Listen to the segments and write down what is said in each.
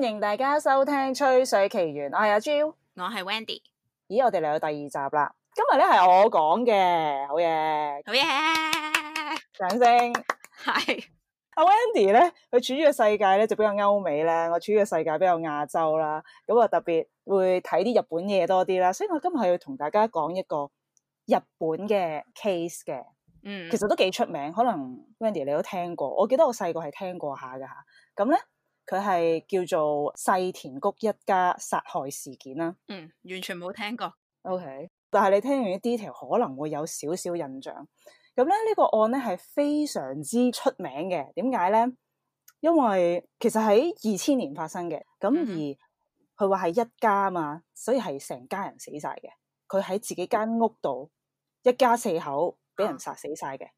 歡迎大家收聽《吹水奇緣》。係阿 Jill，我係 Wendy、啊。咦，我哋嚟到第二集啦。今日咧係我講嘅，好嘢，好嘢棒，掌聲聲。係阿 Wendy 咧，佢、啊、處於嘅世界咧就比較歐美咧，我處於嘅世界比較亞洲啦。咁啊特別會睇啲日本嘢多啲啦。所以我今日係要同大家講一個日本嘅 case 嘅。嗯，其實都幾出名，可能 Wendy 你都聽過。我記得我細個係聽過下噶吓。咁咧。佢係叫做世田谷一家殺害事件啦。啊，嗯，完全冇聽過，OK，但係你聽完啲 detail 可能會有少少印象。咁咧呢，呢個案咧係非常之出名嘅，點解咧？因為其實喺二千年發生嘅，咁而佢話係一家嘛，所以係成家人死晒嘅。佢喺自己間屋度，一家四口俾人殺死晒嘅，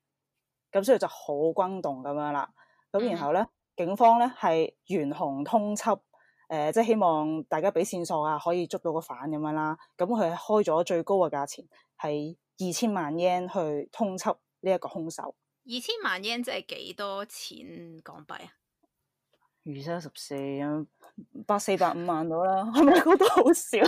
咁所以就好轟動咁樣啦。咁然後咧。嗯警方咧係懸紅通緝，誒、呃、即係希望大家俾線索啊，可以捉到個犯咁樣啦。咁佢開咗最高嘅價錢係二千萬 yen 去通緝呢一個兇手。二千萬 yen 即係幾多錢港幣啊？二千十四啊，百四百五萬到啦，係咪覺得好少？誒，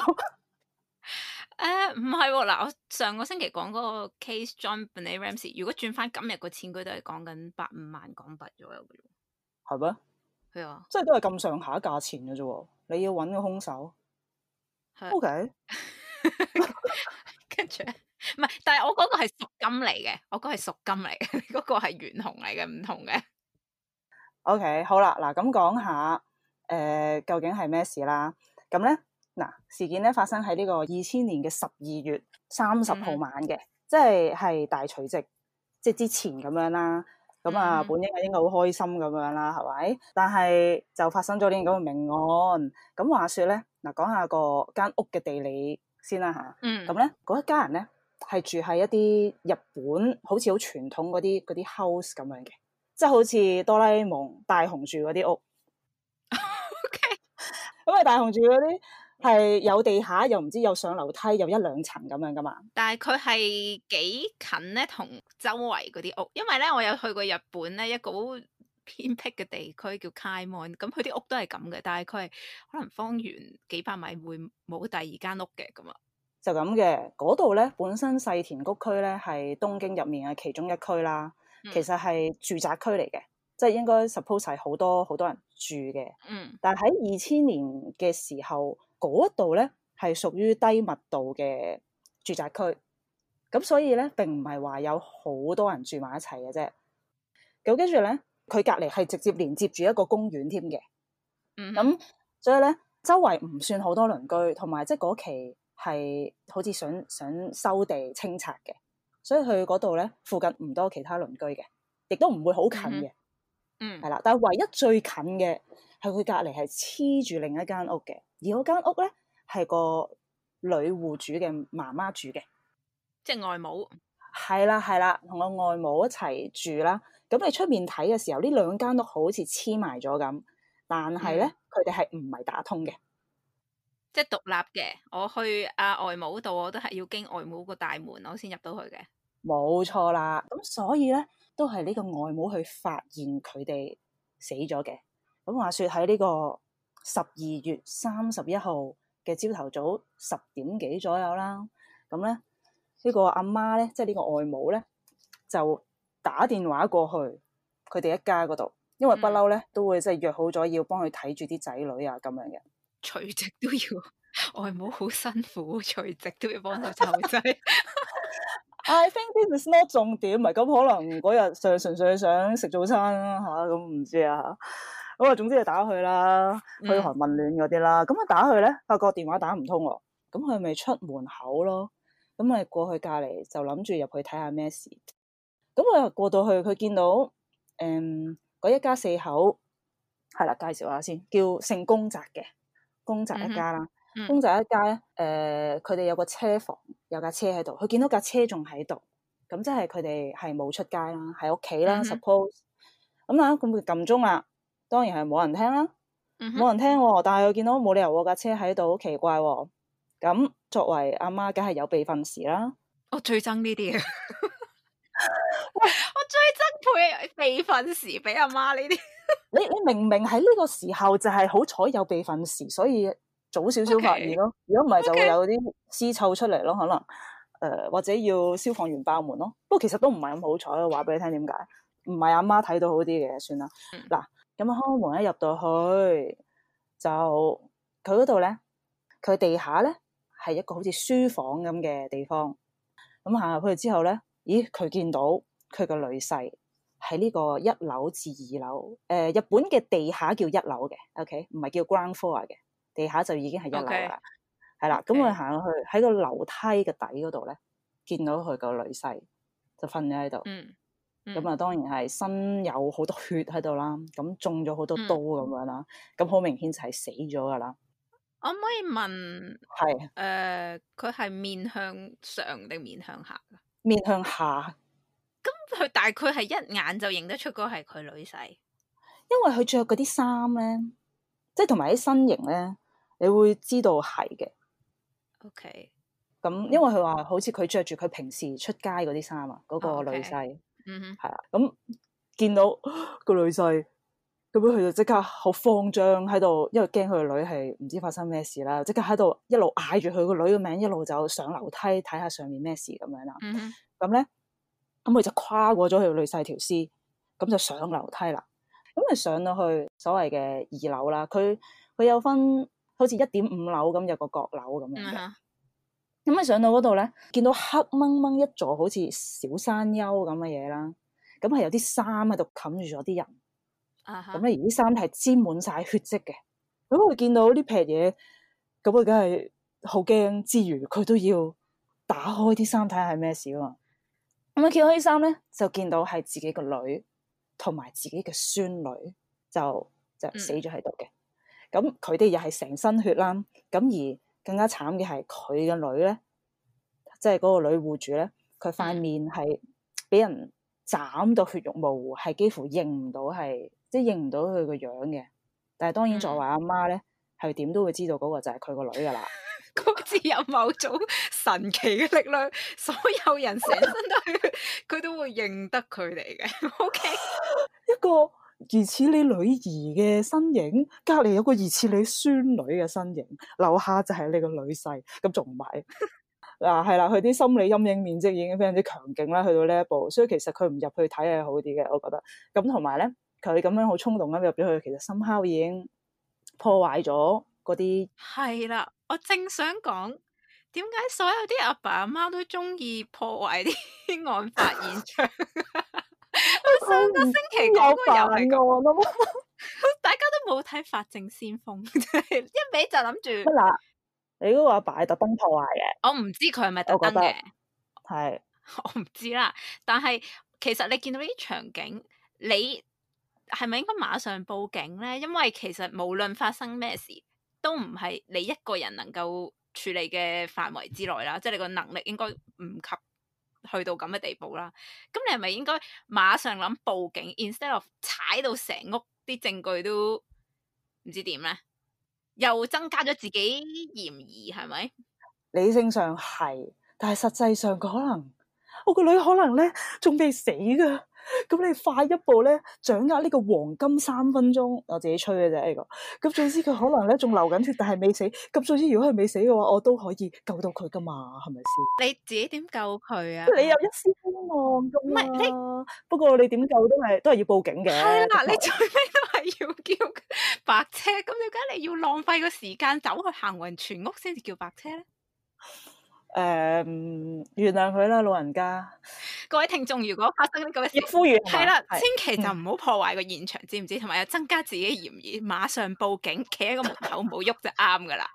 唔係嗱，我上個星期講嗰個 case JonBenét Ramsey，如果轉翻今日個錢，佢都係講緊百五萬港幣左右。係咩？係啊，即係都係咁上下價錢嘅啫。你要揾個凶手，O K，跟住唔係，但係我嗰個係贖金嚟嘅，我嗰個係贖金嚟嘅，嗰個係懸紅嚟嘅，唔同嘅。OK，好啦，嗱咁講下誒、呃，究竟係咩事啦？咁咧嗱，事件咧發生喺呢個二千年嘅十二月三十號晚嘅，嗯、即係係大除夕，即之前咁樣啦。咁啊，嗯，本應應該好開心咁樣啦，係咪？但係就發生咗啲咁嘅命案。咁話說咧，嗱，講下個間屋嘅地理先啦吓，嗯。咁咧，嗰一家人咧係住喺一啲日本，好似好傳統嗰啲嗰啲 house 咁樣嘅，即係好似哆啦 A 夢大雄住嗰啲屋。 o Okay . K。 咁啊，大雄住嗰啲。係有地下，又唔知有上樓梯，又一兩層咁樣噶嘛？但係佢係幾近咧，同周圍嗰啲屋，因為咧我有去過日本咧，一個好偏僻嘅地區叫 Kaimon，咁佢啲屋都係咁嘅，但係佢係可能方圓幾百米會冇第二間屋嘅，咁啊，就咁嘅。嗰度咧本身世田谷區咧係東京入面嘅其中一區啦，其實係住宅區嚟嘅，嗯、即係應該 suppose 係好多好多人住嘅。嗯，但喺二千年嘅時候。嗰度咧係屬於低密度嘅住宅區，咁所以咧並唔係話有好多人住埋一齊嘅啫。咁跟住咧，佢隔離係直接連接住一個公園添嘅。嗯哼。咁所以咧，周圍唔算好多鄰居，同埋即係嗰期係好似想想收地清拆嘅，所以佢嗰度咧附近唔多其他鄰居嘅，亦都唔會好近嘅。嗯哼。係啦，但係唯一最近嘅。係佢隔籬係黐住另一間屋嘅，而嗰間屋咧係個女戶主嘅媽媽住嘅，即係外母。係啦係啦，同個外母一齊住啦。咁你出面睇嘅時候，呢兩間都好似黐埋咗咁，但係咧佢哋係唔係打通嘅，即係獨立嘅。我去阿外母度，我都係要經外母個大門，我先入到去嘅。冇錯啦，咁所以咧都係呢個外母去發現佢哋死咗嘅。咁話説，喺呢個十二月三十一號嘅朝頭早十點幾左右啦，咁咧呢個阿媽咧，即係呢個外母咧，就打電話過去佢哋一家嗰度，因為不嬲咧都會即係約好咗要幫佢睇住啲仔女啊咁樣嘅，除夕都要外母，好辛苦，除夕都要幫佢湊仔。 I think this is not 重點，咪咁可能嗰日上純粹想食早餐啦吓，咁唔知啊。咁啊，總之就打佢啦，噓寒問暖嗰啲啦。咁啊、mm，hmm. 打佢咧，發覺電話打唔通喎。咁佢咪出門口咯。咁咪過去隔籬就諗住入去睇下咩事。咁啊，過到去佢見到，誒、嗯，嗰一家四口，係啦，介紹下先，叫姓公澤嘅，公澤一家啦。公宅一家咧，誒、mm，佢、hmm. 哋、呃、有個車房，有架車喺度。佢見到架車仲喺度，咁即係佢哋係冇出街啦，喺屋企啦。Mm hmm. Suppose，咁啊，咁佢撳鐘啦。當然係冇人聽啦，冇人聽喎。但係我見到冇理由我架車喺度，好奇怪喎。咁作為阿媽，梗係有備份匙啦。我最憎呢啲啊！我最憎配備份匙俾阿媽呢啲。你你明明喺呢個時候就係好彩有備份匙，所以早少少發現咯。如果唔係就會有啲屍臭出嚟咯，可能誒，或者要消防員爆門咯。不過其實都唔係咁好彩咯。話俾你聽點解？唔係阿媽睇到好啲嘅，算啦嗱。咁開門一入到去，就佢嗰度咧，佢地下咧係一個好似書房咁嘅地方。咁行入去之後咧，咦，佢見到佢個女婿喺呢個一樓至二樓。誒、呃，日本嘅地下叫一樓嘅，OK，唔係叫 ground floor 嘅，地下就已經係 Okay. 一樓啦。係啦，咁佢行落去喺個樓梯嘅底嗰度咧，見到佢個女婿就瞓咗喺度。Okay. 嗯咁啊，嗯、當然係身有好多血喺度啦，咁中咗好多刀咁樣啦，咁好、嗯、明顯就係死咗噶啦。可唔可以問？係誒是，佢係、呃、面向上定面向下？面向下。咁佢但係佢係一眼就認得出嗰係佢女婿，因為佢着嗰啲衫咧，即係同埋啲身形咧，你會知道係嘅。OK。咁因為佢話好似佢着住佢平時出街嗰啲衫啊，嗰、嗰個女婿。Okay. 嗯哼，係啊，咁見到個女婿，咁佢就即刻好慌張喺度，因為驚佢個女係唔知發生咩事啦，即刻喺度一路嗌住佢個女嘅名，一路就上樓梯睇下上面咩事咁樣啦。嗯哼，咁咧，咁佢就跨過咗佢個女婿條屍，咁就上樓梯啦。咁佢上到去所謂嘅二樓啦，佢佢有分好似一點五樓咁有個閣樓咁樣咁啊，上到嗰度咧，見到黑掹掹一座好似小山丘咁嘅嘢啦，咁係有啲衫喺度冚住咗啲人，啊、uh，咁、huh. 咧而啲衫咧係沾滿晒血跡嘅，咁佢見到呢撇嘢，咁佢梗係好驚，之餘佢都要打開啲衫睇下係咩事喎。咁啊，揭開啲衫咧，就見到係自己個女同埋自己嘅孫女就就死咗喺度嘅，咁佢哋又係成身血啦，咁而。更加慘嘅係佢嘅女咧，即係嗰個女戶主咧，佢塊面係俾人斬到血肉模糊，係幾乎認唔到係，即係認唔到佢個樣嘅。但係當然作為阿媽咧，係點都會知道嗰個就係佢個女噶啦。個字 有某種神奇嘅力量，所有人成身都係佢 都會認得佢哋嘅。 o Okay ? K，一個。疑似你女兒嘅身影，隔籬有個疑似你孫女嘅身影，樓下就係你個女婿，咁仲唔係？嗱、 啊，係啦，佢啲心理陰影面積已經非常之強勁啦，去到呢一步，所以其實佢唔入去睇係好啲嘅，我覺得。咁同埋咧，佢哋咁樣好衝動咁入咗去，其實心敲已經破壞咗嗰啲。係啦，我正想講點解所有啲阿爸阿媽都中意破壞啲案發現場。上個星期講嗰個又係咁， 大家都冇睇《法證先鋒》 一，一尾，就諗住。你都話擺特登破壞嘅。我唔知佢係咪特登嘅，係我唔知啦。但係其實你見到呢啲場景，你係咪應該馬上報警咧？因為其實無論發生咩事，都唔係你一個人能夠處理嘅範圍之內啦。即係你個能力應該唔及。去到咁嘅地步啦，咁你係咪應該馬上諗報警，instead of 踩到成屋啲證據都唔知點咧？又增加咗自己嫌疑，係咪？是是理性上係，但係實際上可能，我個女可能咧仲未死噶。咁你快一步咧，掌握呢個黃金三分鐘，我自己吹嘅啫，呢、呢個。咁總之佢可能咧仲流緊血，但係未死。咁總之如果佢未死嘅話，我都可以救到佢噶嘛，係咪先？你自己點救佢啊？你有一絲希望噶嘛？唔係你，不過你點救都係都係要報警嘅。係啦、啊，在你最尾都係要叫白車。咁點解你要浪費個時間走去行勻全屋先至叫白車咧？誒，um, 原諒佢啦，老人家。各位聽眾，如果發生咁嘅要呼籲，係啦，千祈就唔好破壞個現場，知唔知？同埋又增加自己嫌疑，嗯，馬上報警，企喺個門口冇喐就啱噶啦。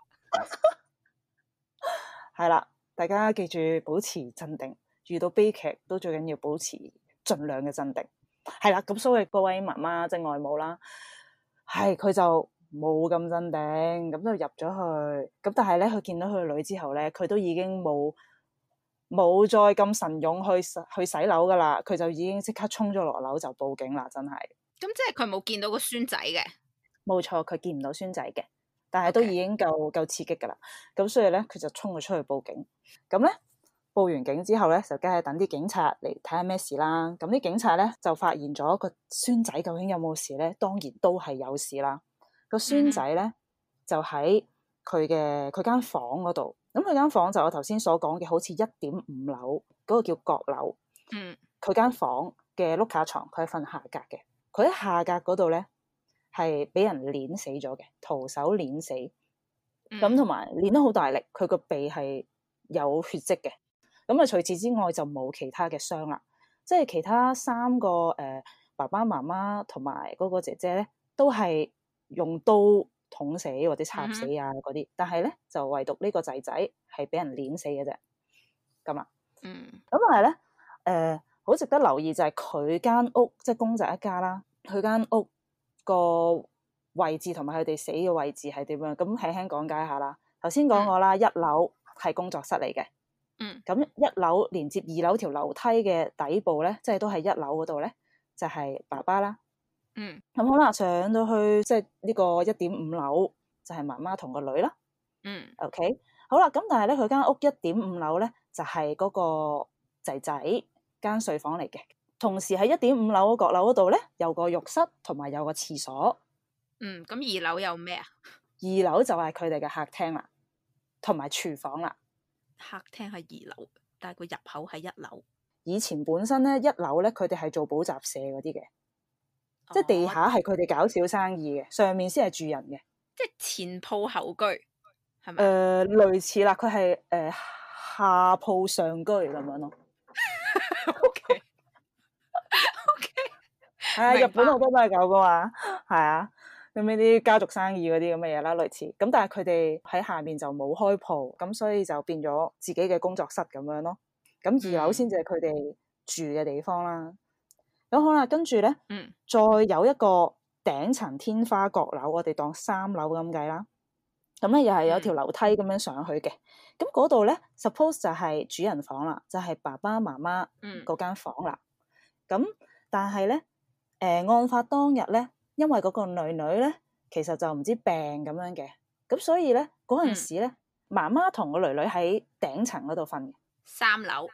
係啦，大家記住保持鎮定，遇到悲劇都最緊要保持盡量嘅鎮定。係啦，咁所謂各位媽媽即係外母啦，係佢就。 冇咁鎮定，咁就入咗去。咁但係咧，佢見到佢個女之後咧，佢都已經冇冇再咁神勇去去洗樓噶啦。佢就已經即刻衝咗落樓就報警啦。真係咁，即係佢冇見到個孫仔嘅，冇錯，佢見唔到孫仔嘅，但係都已經夠夠刺激噶啦。咁所以咧，佢就衝咗出去報警。咁咧，報完警之後咧，就梗係等啲警察嚟睇下咩事啦。咁啲警察咧就發現咗個孫仔究竟有冇事咧，當然都係有事啦。個孫仔咧就喺佢嘅、佢間房嗰度。咁佢間房就我頭先所講嘅，好似一點五樓嗰個叫閣樓。嗯，佢間房嘅碌架床，佢係瞓下格嘅。佢喺下格嗰度咧係俾人碾死咗嘅，徒手碾死。咁同埋碾得好大力，佢個鼻係有血跡嘅。咁啊，除此之外就冇其他嘅傷啦。即係其他三個誒、呃、爸爸媽媽同埋嗰個姐姐咧都係用刀捅死或者插死啊，嗰啲，但係咧就唯獨呢個仔仔係俾人碾死嘅啫，咁啊，嗯，咁但係咧，誒、呃，好值得留意就係佢間屋即係、就是、公仔一家啦，佢間屋個位置同埋佢哋死嘅位置係點樣？咁輕輕講解下啦。頭先講過啦，嗯、一樓係工作室嚟嘅，嗯，咁一樓連接二樓條樓梯嘅底部咧，即係都係一樓嗰度咧，就係、是就是、爸爸啦。嗯，咁、嗯、好啦，上到去即係呢個一點五樓，就係媽媽同個女啦。嗯，OK，好啦，咁但係咧佢間屋一點五樓咧就係、是、嗰個仔仔間睡房嚟嘅，同時喺一點五樓嗰個角落嗰度咧有個浴室同埋有個廁所。嗯，咁二樓有咩啊？二樓就係佢哋嘅客廳啦，同埋廚房啦。客廳喺二樓，但係個入口喺一樓。以前本身咧，一樓咧佢哋係做補習社嗰啲嘅。即係地下係佢哋搞小生意嘅，上面先係住人嘅。即係前鋪後居，係咪？誒、呃，類似啦，佢係誒下鋪上居咁樣咯。O K，O K，係啊，日本好多都係咁噶嘛，係啊。咁呢啲家族生意嗰啲咁嘅嘢啦，類似。咁但係佢哋喺下面就冇開鋪，咁所以就變咗自己嘅工作室咁樣咯。咁二樓先就係佢哋住嘅地方啦。嗯咁好啦，跟住咧，再有一個頂層天花閣樓，我哋當三樓咁計啦。咁咧又係有條樓梯咁樣上去嘅。咁嗰度咧，suppose 就係主人房啦，就係、是、爸爸媽媽嗰間房啦。咁、嗯、但係咧，誒、呃，案發當日咧，因為嗰個女女咧，其實就唔知病咁樣嘅。咁所以咧，嗰陣時咧，媽媽同個女女喺頂層嗰度瞓，嘅樓，三樓，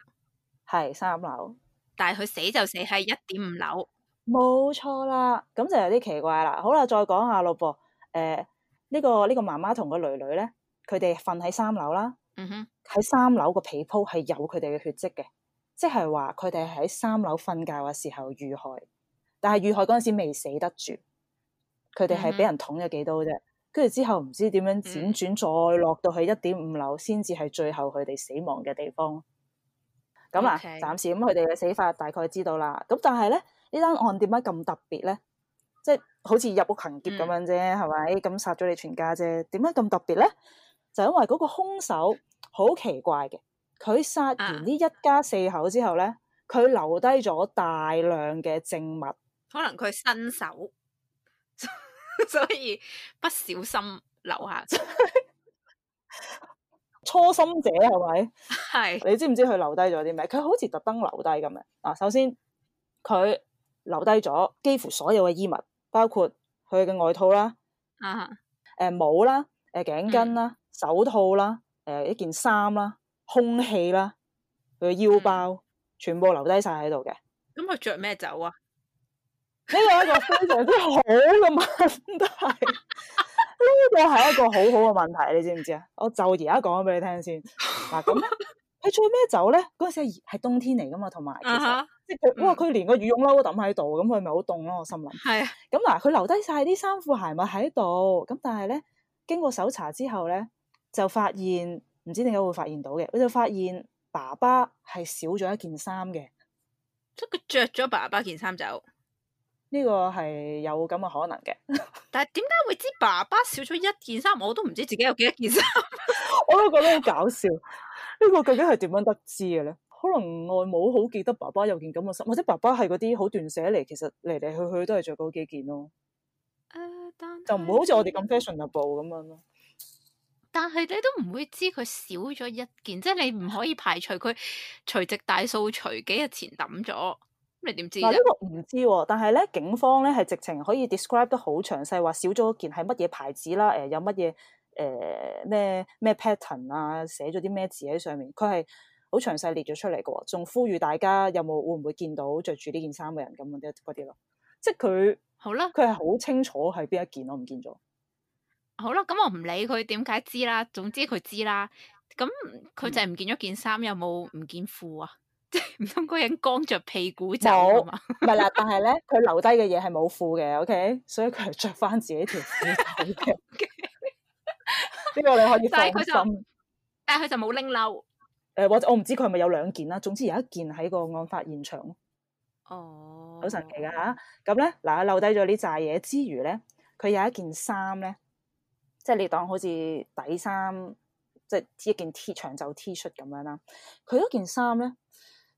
係三樓。但係佢死就死喺一點五樓，冇錯啦。咁就有啲奇怪啦。好啦，再講下咯噃。誒、呃，呢、呢個呢、呢個媽媽同個女女咧，佢哋瞓喺三樓啦。嗯哼，喺三樓個被鋪係有佢哋嘅血跡嘅，即係話佢哋喺三樓瞓覺嘅時候遇害，但係遇害嗰陣時未死得住，佢哋係俾人捅咗幾刀啫。跟住、嗯、哼之後唔知點樣輾轉，嗯、哼再落到去一點五樓，先至係最後佢哋死亡嘅地方。咁、嗯、啊，Okay. 暫時咁佢哋嘅死法大概知道啦。咁但係咧，呢單案點解咁特別咧？即、就、係、是、好似入屋行劫咁樣啫，係咪、嗯？咁殺咗你全家啫？點解咁特別咧？就因為嗰個兇手好奇怪嘅，佢殺完呢一家四口之後咧，佢、啊、留低咗大量嘅證物，可能佢新手，所以不小心留下。 初心者係咪？係是你知唔知佢留低咗啲咩？佢好似特登留低咁嘅。啊，首先佢留低咗幾乎所有嘅衣物，包括佢嘅外套啦，啊、uh，誒、huh. 帽啦，誒，頸巾啦，手套啦，誒、mm hmm. 一件衫啦，空氣啦，佢嘅腰包、mm hmm. 全部留低晒喺度嘅。咁佢着咩走啊？呢 一個非常之好嘅問題。呢個係一個好好嘅問題，你知唔知啊？我 啊，就而家講咗俾你聽先。嗱，咁佢做咩走咧？嗰陣時係冬天嚟噶嘛，同埋即係哇，佢連個羽絨褸都抌喺度，咁佢咪好凍咯？我心諗。係。咁嗱，佢留低晒啲衫褲鞋襪喺度，咁但係咧，經過搜查之後咧，就發現唔知點解會發現到嘅，佢就發現爸爸係少咗一件衫嘅。即係佢着咗爸爸件衫走。呢個係有咁嘅可能嘅， 但係點解會知爸爸少咗一件衫？我都唔知自己有幾多件衫， 我都覺得好搞笑。呢、這個究竟係點樣得知嘅咧？可能外母好記得爸爸有件咁嘅衫，或者爸爸係嗰啲好斷捨離，其實嚟嚟去去都係着嗰幾件咯。誒、uh，就但就唔會好似我哋咁 fashionable 咁樣咯。但係你都唔會知佢少咗一件，即、就、係、是、你唔可以排除佢隨即大掃除幾日前抌咗。你點知？呢個唔知喎，但係咧警方咧係直情可以 describe 得好詳細，話少咗件係乜嘢牌子啦，誒、呃、有乜嘢誒咩咩 pattern 啊，寫咗啲咩字喺上面，佢係好詳細列咗出嚟嘅喎，仲呼籲大家有冇會唔會見到着住呢件衫嘅人咁啊啲嗰啲咯，即係佢好啦，佢係好清楚係邊一件，我唔見咗。好啦，咁我唔理佢點解知啦，總之佢知啦，咁佢就係唔見咗件衫，有冇唔見褲啊？唔通嗰人光着屁股走唔係啦，沒嗎但係咧，佢留低嘅嘢係冇褲嘅，OK，所以佢係着翻自己條褲嘅。呢個 Okay. 你可以放心。佢就，但係佢就冇拎褸。誒、呃，或者我唔知佢係咪有兩件啦。總之有一件喺個案發現場。哦，好神奇噶吓。咁咧嗱，留低咗呢扎嘢之餘咧，佢有一件衫咧，即係你當好似底衫，即係一件 T 長袖 T 恤咁樣啦。佢嗰件衫咧。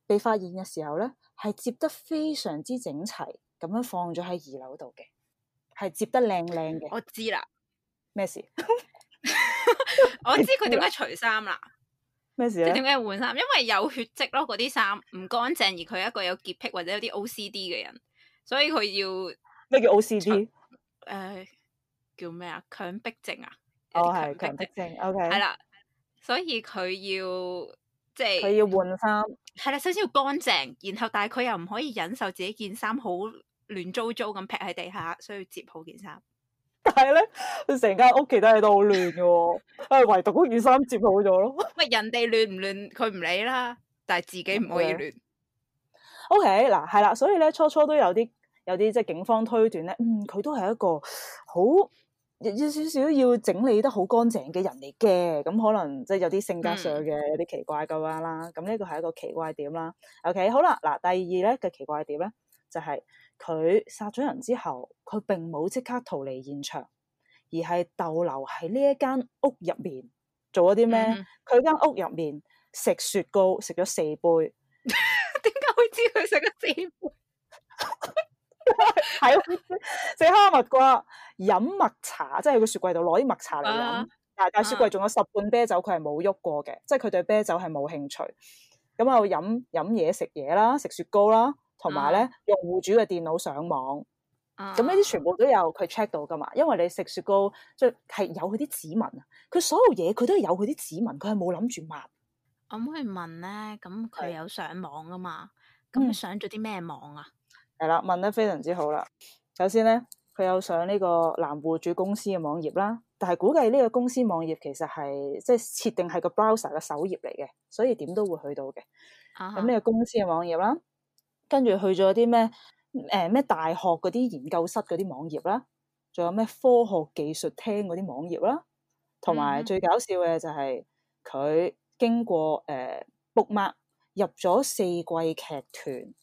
被發現嘅時候咧，係接得非常之整齊，咁樣放咗喺二樓度嘅，係接得靚靚嘅。我知啦，咩事？ 我知佢點解除衫啦，咩事咧？點解換衫？因為有血跡咯，嗰啲衫唔乾淨，而佢係一個有潔癖或者有啲 OCD 嘅人，所以佢要，咩叫 OCD？誒、呃，叫咩啊？強迫症啊？強迫症哦，係強迫症。O K，係啦，所以佢要即係佢要換衫。係啦，首先要乾淨，然後但係佢又唔可以忍受自己件衫好亂糟糟咁劈喺地下，所以要接好件衫 。但係咧，成間屋企都係都好亂嘅，啊，唯獨件衫接好咗咯。咪人哋亂唔亂，佢唔理啦，但係自己唔可以亂。OK，嗱，係啦，所以咧初初都有啲有啲即係警方推斷咧，嗯，佢都係一個好。有少少要整理得好乾淨嘅人嚟嘅，咁可能即係有啲性格上嘅、嗯、有啲奇怪嘅話啦，咁呢個係一個奇怪點啦。OK，好啦，嗱，第二咧嘅奇怪點咧，就係佢殺咗人之後，佢並冇即刻逃離現場，而係逗留喺呢一間屋入面做咗啲咩？佢間、嗯、屋入面食雪糕，食咗四杯，點解 會知佢食咗四杯？ 係咯，食 哈密瓜，飲麥茶，即係個雪櫃度攞啲麥茶嚟飲。啊、但係雪櫃仲有十罐啤酒，佢係冇喐過嘅，即係佢對啤酒係冇興趣。咁又飲飲嘢食嘢啦，食雪糕啦，同埋咧用戶主嘅電腦上網。咁呢啲全部都有佢 check 到噶嘛？因為你食雪糕即係有佢啲指紋啊。佢所有嘢佢都係有佢啲指紋，佢係冇諗住抹。我可以問咧，咁佢有上網噶嘛？咁上咗啲咩網啊？係啦，問得非常之好啦。首先咧，佢有上呢個男戶主公司嘅網頁啦，但係估計呢個公司網頁其實係即係設定係個 browser 嘅首頁嚟嘅，所以點都會去到嘅。咁呢個公司嘅網頁啦，跟住去咗啲咩，誒咩大學嗰啲研究室嗰啲網頁啦，仲有咩科學技術廳嗰啲網頁啦，同埋最搞笑嘅就係、是、佢、嗯、經過誒 bookmark 入咗四季劇團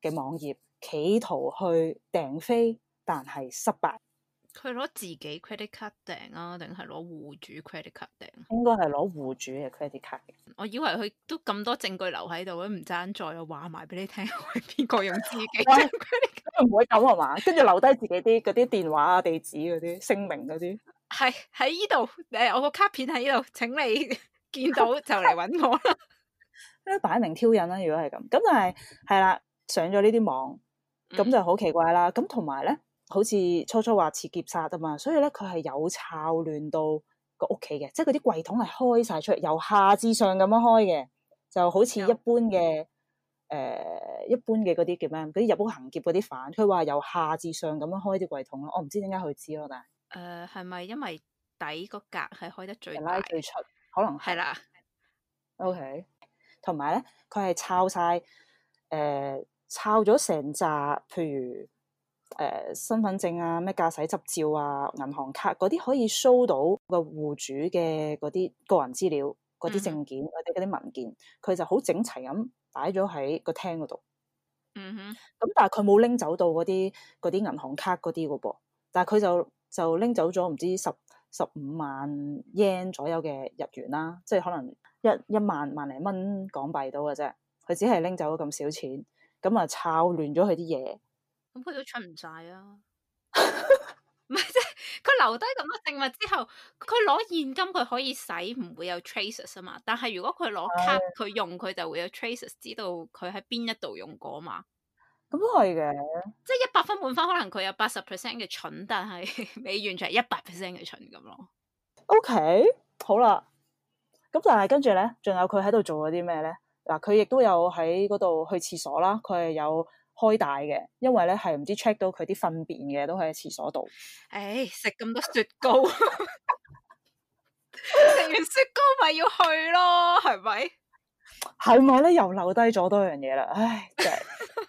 嘅網頁。企圖去訂飛，但係失敗。佢攞自己 credit card 訂啊，定係攞戶主 credit card 訂？應該係攞戶主嘅 credit card 嘅。我以為佢都咁多證據留喺度，唔爭再話埋俾你聽，邊個用自己 credit card？卡？唔、 哎、會咁係嘛？跟住留低自己啲嗰啲電話啊、地址嗰啲、姓名嗰啲。係喺呢度誒，我個卡片喺呢度，請你見到就嚟搵我啦。呢擺 明挑釁啦、啊！如果係咁，咁但係係啦，上咗呢啲網。咁、嗯、就好奇怪啦！咁同埋咧，好似初初話似劫殺啊嘛，所以咧佢係有抄亂到個屋企嘅，即係嗰啲櫃桶係開晒出嚟，由下至上咁樣開嘅，就好似一般嘅誒、嗯呃、一般嘅嗰啲叫咩？嗰啲入屋行劫嗰啲犯，佢話由下至上咁樣開啲櫃桶咯。我唔知點解佢知咯，但係誒係咪因為底個格係開得最大是是最長？可能係啦。的 OK，同埋咧，佢係抄晒。誒。呃抄咗成扎，譬如誒、呃、身份證啊、咩駕駛執照啊、銀行卡嗰啲，可以 show 到個戶主嘅嗰啲個人資料、嗰啲證件或嗰啲文件，佢、mm hmm. 就好整齊咁擺咗喺個廳嗰度。嗯哼、mm。咁、hmm. 但係佢冇拎走到嗰啲啲銀行卡嗰啲嘅噃，但係佢就就拎走咗唔知十十五萬 yen 左右嘅日元啦，即、就、係、是、可能一一萬一萬零蚊港幣到嘅啫。佢只係拎走咗咁少錢。咁啊，炒亂咗佢啲嘢，咁佢都蠢唔晒啊！唔係即係佢留低咁多證物之後，佢攞現金佢可以使，唔會有 traces 啊嘛。但係如果佢攞卡佢用，佢的就會有 traces，知道佢喺邊一度用過嘛。咁都係嘅，即係一百分滿分，可能佢有八十 percent 嘅蠢，但係未完全係一百 percent 嘅蠢咁咯。O、okay? K，好啦，咁但係跟住咧，仲有佢喺度做咗啲咩咧？嗱，佢亦都有喺嗰度去廁所啦，佢係有開大嘅，因為咧係唔知 check 到佢啲糞便嘅，都喺廁所度。誒、哎，食咁多雪糕，食 完雪糕咪要去咯，係咪？係咪咧？又留低咗多樣嘢啦，唉，就係、是、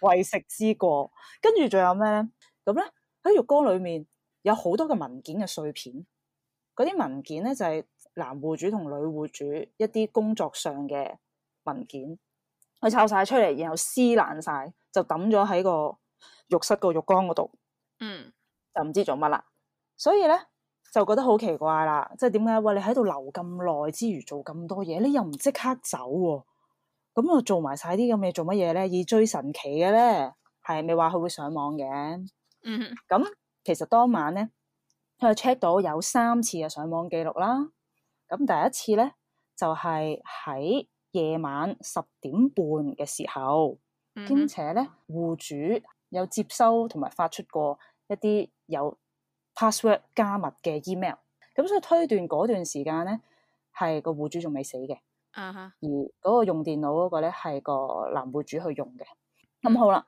為食之過。 跟住仲有咩咧？咁咧喺浴缸裏面有好多嘅文件嘅碎片，嗰啲文件咧就係、是、男戶主同女戶主一啲工作上嘅。文件佢抄晒出嚟，然後撕爛晒，就抌咗喺個浴室個浴缸嗰度，嗯，就唔知做乜啦。所以咧就覺得好奇怪啦，即係點解？喂，你喺度留咁耐之餘，如做咁多嘢，你又唔即刻走、哦、咁、嗯、又做埋晒啲咁嘅做乜嘢咧？而最神奇嘅咧，係咪話佢會上網嘅？嗯，咁其實當晚咧，佢 check 到有三次嘅上網記錄啦。咁第一次咧就係喺。夜晚十點半嘅時候，兼、mm hmm. 且咧戶主有接收同埋發出過一啲有 password 加密嘅 email，咁、嗯、所以推斷嗰段時間咧係個戶主仲未死嘅，啊、uh huh. 而嗰個用電腦嗰個咧係個男戶主去用嘅。咁、mm hmm. 嗯、好啦，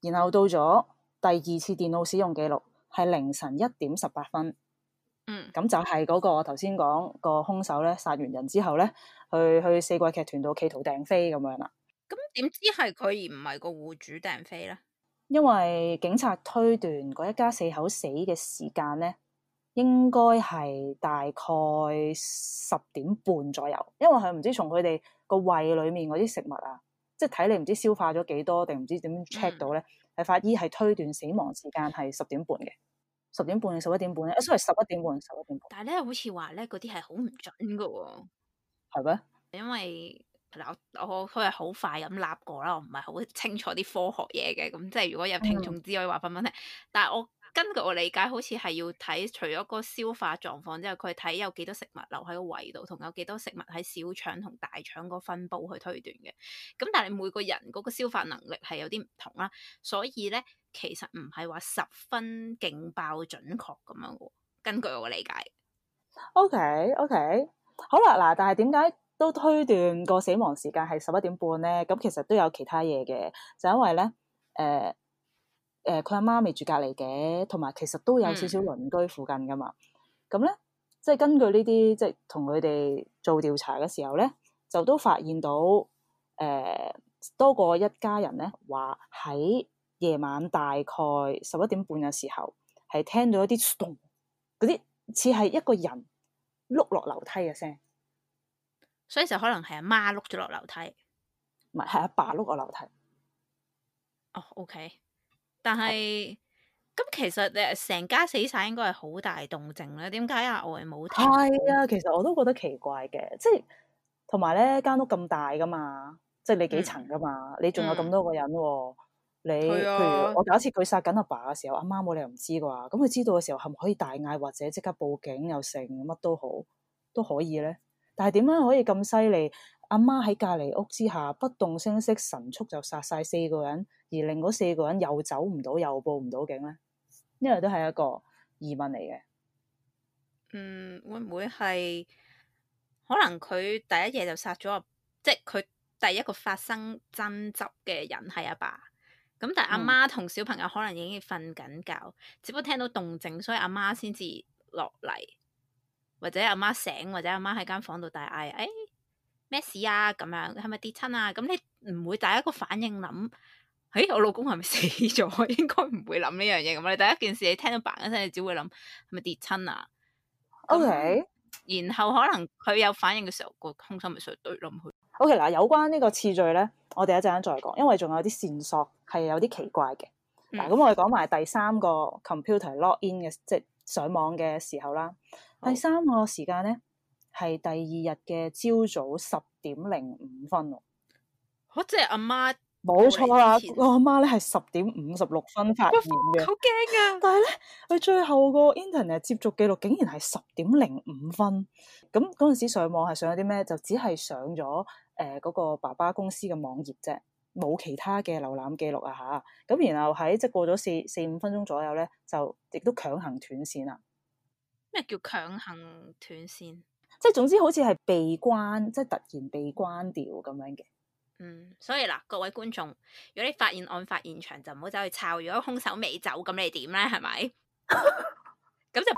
然後到咗第二次電腦使用記錄係凌晨一點十八分。嗯，咁就係嗰個我頭先講個兇手咧，殺完人之後咧，去去四季劇團度企圖掟飛咁樣啦。咁點、嗯、知係佢而唔係個戶主掟飛咧？因為警察推斷嗰一家四口死嘅時間咧，應該係大概十點半左右，因為佢唔知從佢哋個胃裏面嗰啲食物啊，即係睇你唔知消化咗幾多，定唔知點 check 到咧，係法、嗯、醫係推斷死亡時間係十點半嘅。十點半定十一點半啊，所以十一點半定十一點半，但係咧好似話咧嗰啲係好唔準嘅喎、哦，係咩吧？因為嗱，我佢係好快咁立過啦，我唔係好清楚啲科學嘢嘅，咁即係如果有聽眾知可以話畀我聽， 但係我。根據我理解，好似係要睇除咗個消化狀況之後，佢睇有幾多食物留喺個胃度，同有幾多食物喺小腸同大腸個分布去推斷嘅。咁但係每個人嗰個消化能力係有啲唔同啦，所以咧其實唔係話十分勁爆準確咁樣。根據我嘅理解。OK，OK，好啦嗱，但係點解都推斷個死亡時間係十一點半咧？咁其實都有其他嘢嘅，就因為咧誒。呃誒佢阿媽未住隔離嘅，同埋其實都有少少鄰居附近噶嘛。咁咧、嗯，即係根據呢啲，即係同佢哋做調查嘅時候咧，就都發現到誒、呃、多過一家人咧，話喺夜晚大概十一點半嘅時候，係聽到一啲咚，嗰啲似係一個人碌落樓梯嘅聲。所以就可能係阿媽碌咗落樓梯，唔係係阿爸碌落樓梯。哦、oh,，OK。但係，咁其實誒，成家死晒應該係好大動靜咧。點解我係冇？係啊，其實我都覺得奇怪嘅，即係同埋咧，間屋咁大噶嘛，即係你幾層噶嘛，嗯、你仲有咁多個人，哦，嗯、你、啊、譬如我假設佢殺緊阿爸嘅時候，阿媽冇理由唔知啩，咁佢知道嘅時候，係咪可以大嗌，或者即刻報警又成乜都好都可以咧。但係點樣可以咁犀利？阿媽喺隔籬屋之下不動聲色，神速就殺晒四個人，而令嗰四個人又走唔到，又報唔到警咧，呢個都係一個疑問嚟嘅。嗯，會唔會係可能佢第一夜就殺咗，即係佢第一個發生爭執嘅人係阿爸，爸，咁但係阿媽同小朋友可能已經瞓緊覺，嗯、只不過聽到動靜，所以阿媽先至落嚟，或者阿媽醒，或者阿媽喺間房度大嗌，誒、哎。咩事啊？咁樣係咪跌親啊？咁你唔會第一個反應諗，誒，我老公係咪死咗？應該唔會諗呢樣嘢咁。你第一件事你聽到嘭一聲，你只會諗係咪跌親啊？OK，、嗯、然後可能佢有反應嘅時候，個空心咪再堆落去。O K，嗱，有關呢個次序咧，我哋一陣間再講，因為仲有啲線索係有啲奇怪嘅。嗱，咁、嗯、我哋講埋第三個 computer log in 嘅，即係上網嘅時候啦。第三個時間咧。Oh. 係第二日嘅朝早十點零五分咯，吓即係阿媽冇錯啦。前我阿媽咧係十點五十六分發現嘅，uck, 好驚啊！但係咧佢最後個 internet 接續記錄竟然係十點零五分。咁嗰陣時上網係上咗啲咩？就只係上咗誒嗰個爸爸公司嘅網頁啫，冇其他嘅瀏覽記錄啊。吓咁，然後喺即係過咗四四五分鐘左右咧，就亦都強行斷線啦。咩叫強行斷線？即係總之，好似係被關，即係突然被關掉咁樣嘅。嗯，所以嗱，各位觀眾，如果你發現案發現場就唔好走去抄。如果兇手未走，咁你點咧？係咪？咁 就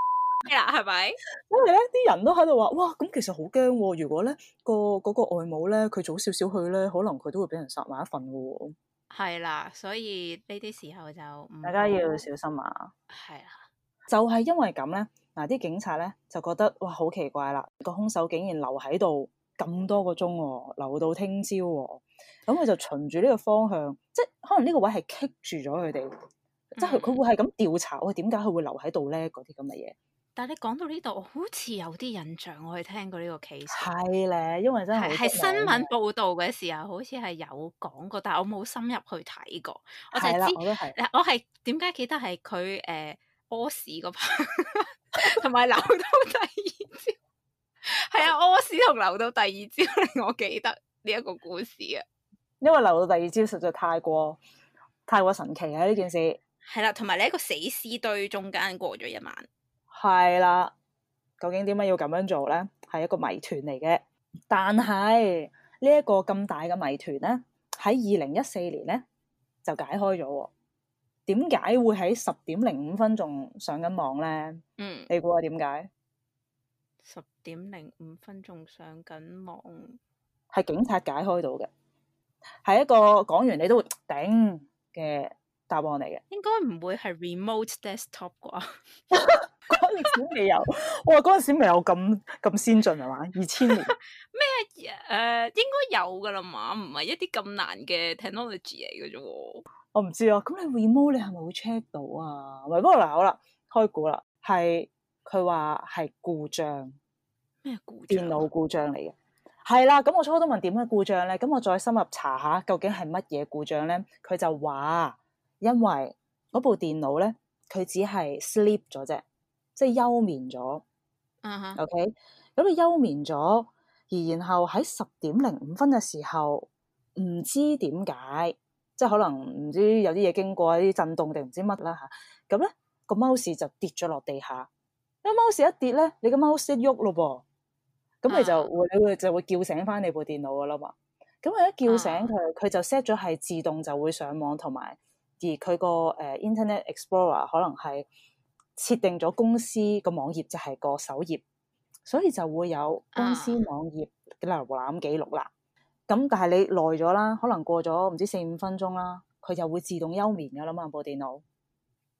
咩啦？係咪？因為咧，啲人都喺度話，哇，咁其實好驚、哦。如果咧、嗰個、嗰個外母咧，佢早少少去咧，可能佢都會俾人殺埋一份嘅、哦。係啦，所以呢啲時候就大家要小心啊。係啊啦，就係因為咁咧。嗱啲、啊、警察咧就覺得哇好奇怪啦！這個兇手竟然留喺度咁多個鐘、哦，留到聽朝喎。咁佢就循住呢個方向，即係可能呢個位係棘住咗佢哋，嗯、即係佢會係咁調查。點解佢會留喺度咧？嗰啲咁嘅嘢。但係你講到呢度，好似有啲印象，我係聽過呢個 case。係咧，因為真係係新聞報導嘅時候，好似係有講過，但我冇深入去睇過。我係知，我係點解記得係佢誒屙屎嗰排。呃 同埋 留到第二朝、 啊，係啊屙屎同留到第二朝，令我記得呢一個故事啊。因為留到第二朝實在太過太過神奇啊！呢件事係啦，同埋、啊、你喺一個死屍堆中間過咗一晚，係啦、啊。究竟點解要咁樣做咧？係一個謎團嚟嘅。但係、這個、呢一個咁大嘅謎團咧，喺二零一四年咧就解開咗。點解會喺十點零五分仲上緊網咧？嗯，你估下點解十點零五分仲上緊網？係警察解開到嘅，係一個講完你都會頂嘅答案嚟嘅。應該唔會係 remote desktop 啩？嗰 陣 時未有， 哇！嗰陣時未有咁咁先進係、 uh, 嘛？二千年咩？誒，應該有噶啦嘛？唔係一啲咁難嘅 technology 嚟嘅啫喎。我唔知啊，咁你 remove 你係咪會 check 到啊？唔係，不過嗱，好啦，開估啦，係佢話係故障，咩故障？電腦故障嚟嘅，係啦、嗯。咁我初都問點解故障咧，咁我再深入查下，究竟係乜嘢故障咧？佢就話因為嗰部電腦咧，佢只係 sleep 咗啫，即係休眠咗。嗯哼、啊哈。O K. 咁佢休眠咗，而然後喺十點零五分嘅時候，唔知點解。即係可能唔知有啲嘢經過，啲震動定唔知乜啦嚇。咁咧個 mouse 就跌咗落地下，因 mouse 一跌咧，你個 mouse 一喐咯噃，咁你就會、uh, 就會叫醒翻你部電腦噶啦嘛。咁佢一叫醒佢，佢、uh, 就 set 咗係自動就會上網，同埋而佢個誒 Internet Explorer 可能係設定咗公司個網頁就係、是、個首頁，所以就會有公司網頁嘅瀏覽記錄啦。Uh, 咁但係你耐咗啦，可能過咗唔知四五分鐘啦，佢就會自動休眠噶啦嘛，部電腦。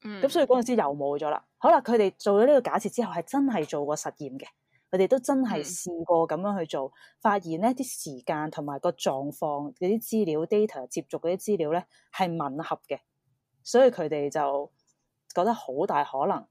嗯。咁所以嗰陣時又冇咗啦。好啦，佢哋做咗呢個假設之後，係真係做過實驗嘅。佢哋都真係試過咁樣去做，發現呢啲時間同埋個狀況嗰啲資料 data，接續嗰啲資料咧係吻合嘅。所以佢哋就覺得好大可能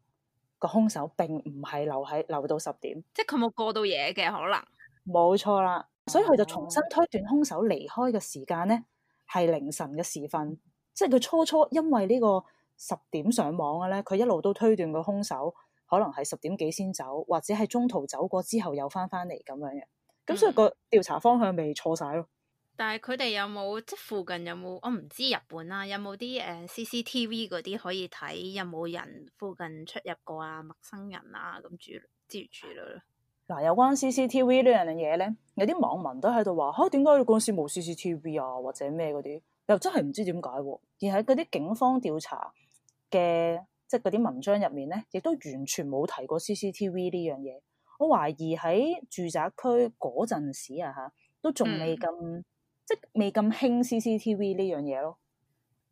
個兇手並唔係留喺留到十點，即係佢冇過到嘢嘅可能。冇錯啦。所以佢就重新推斷凶手離開嘅時間咧，係凌晨嘅時分，即係佢初初因為呢個十點上網嘅咧，佢一路都推斷個凶手可能係十點幾先走，或者係中途走過之後又翻翻嚟咁樣嘅。咁所以個調查方向咪錯晒咯。但係佢哋有冇即係附近有冇，我唔知日本啦、啊，有冇啲誒 CCTV 嗰啲可以睇，有冇人附近出入過啊？陌生人啊，咁住住住咯。嗱、啊，有關 CCTV 呢樣嘢咧，有啲網民都喺度話嚇，點解你公司冇 CCTV 啊？或者咩嗰啲？又真係唔知點解、啊。而喺嗰啲警方調查嘅即係嗰啲文章入面咧，亦都完全冇提過 CCTV 呢樣嘢。我懷疑喺住宅區嗰陣時啊嚇，都仲未咁即係未咁興 CCTV 呢樣嘢咯。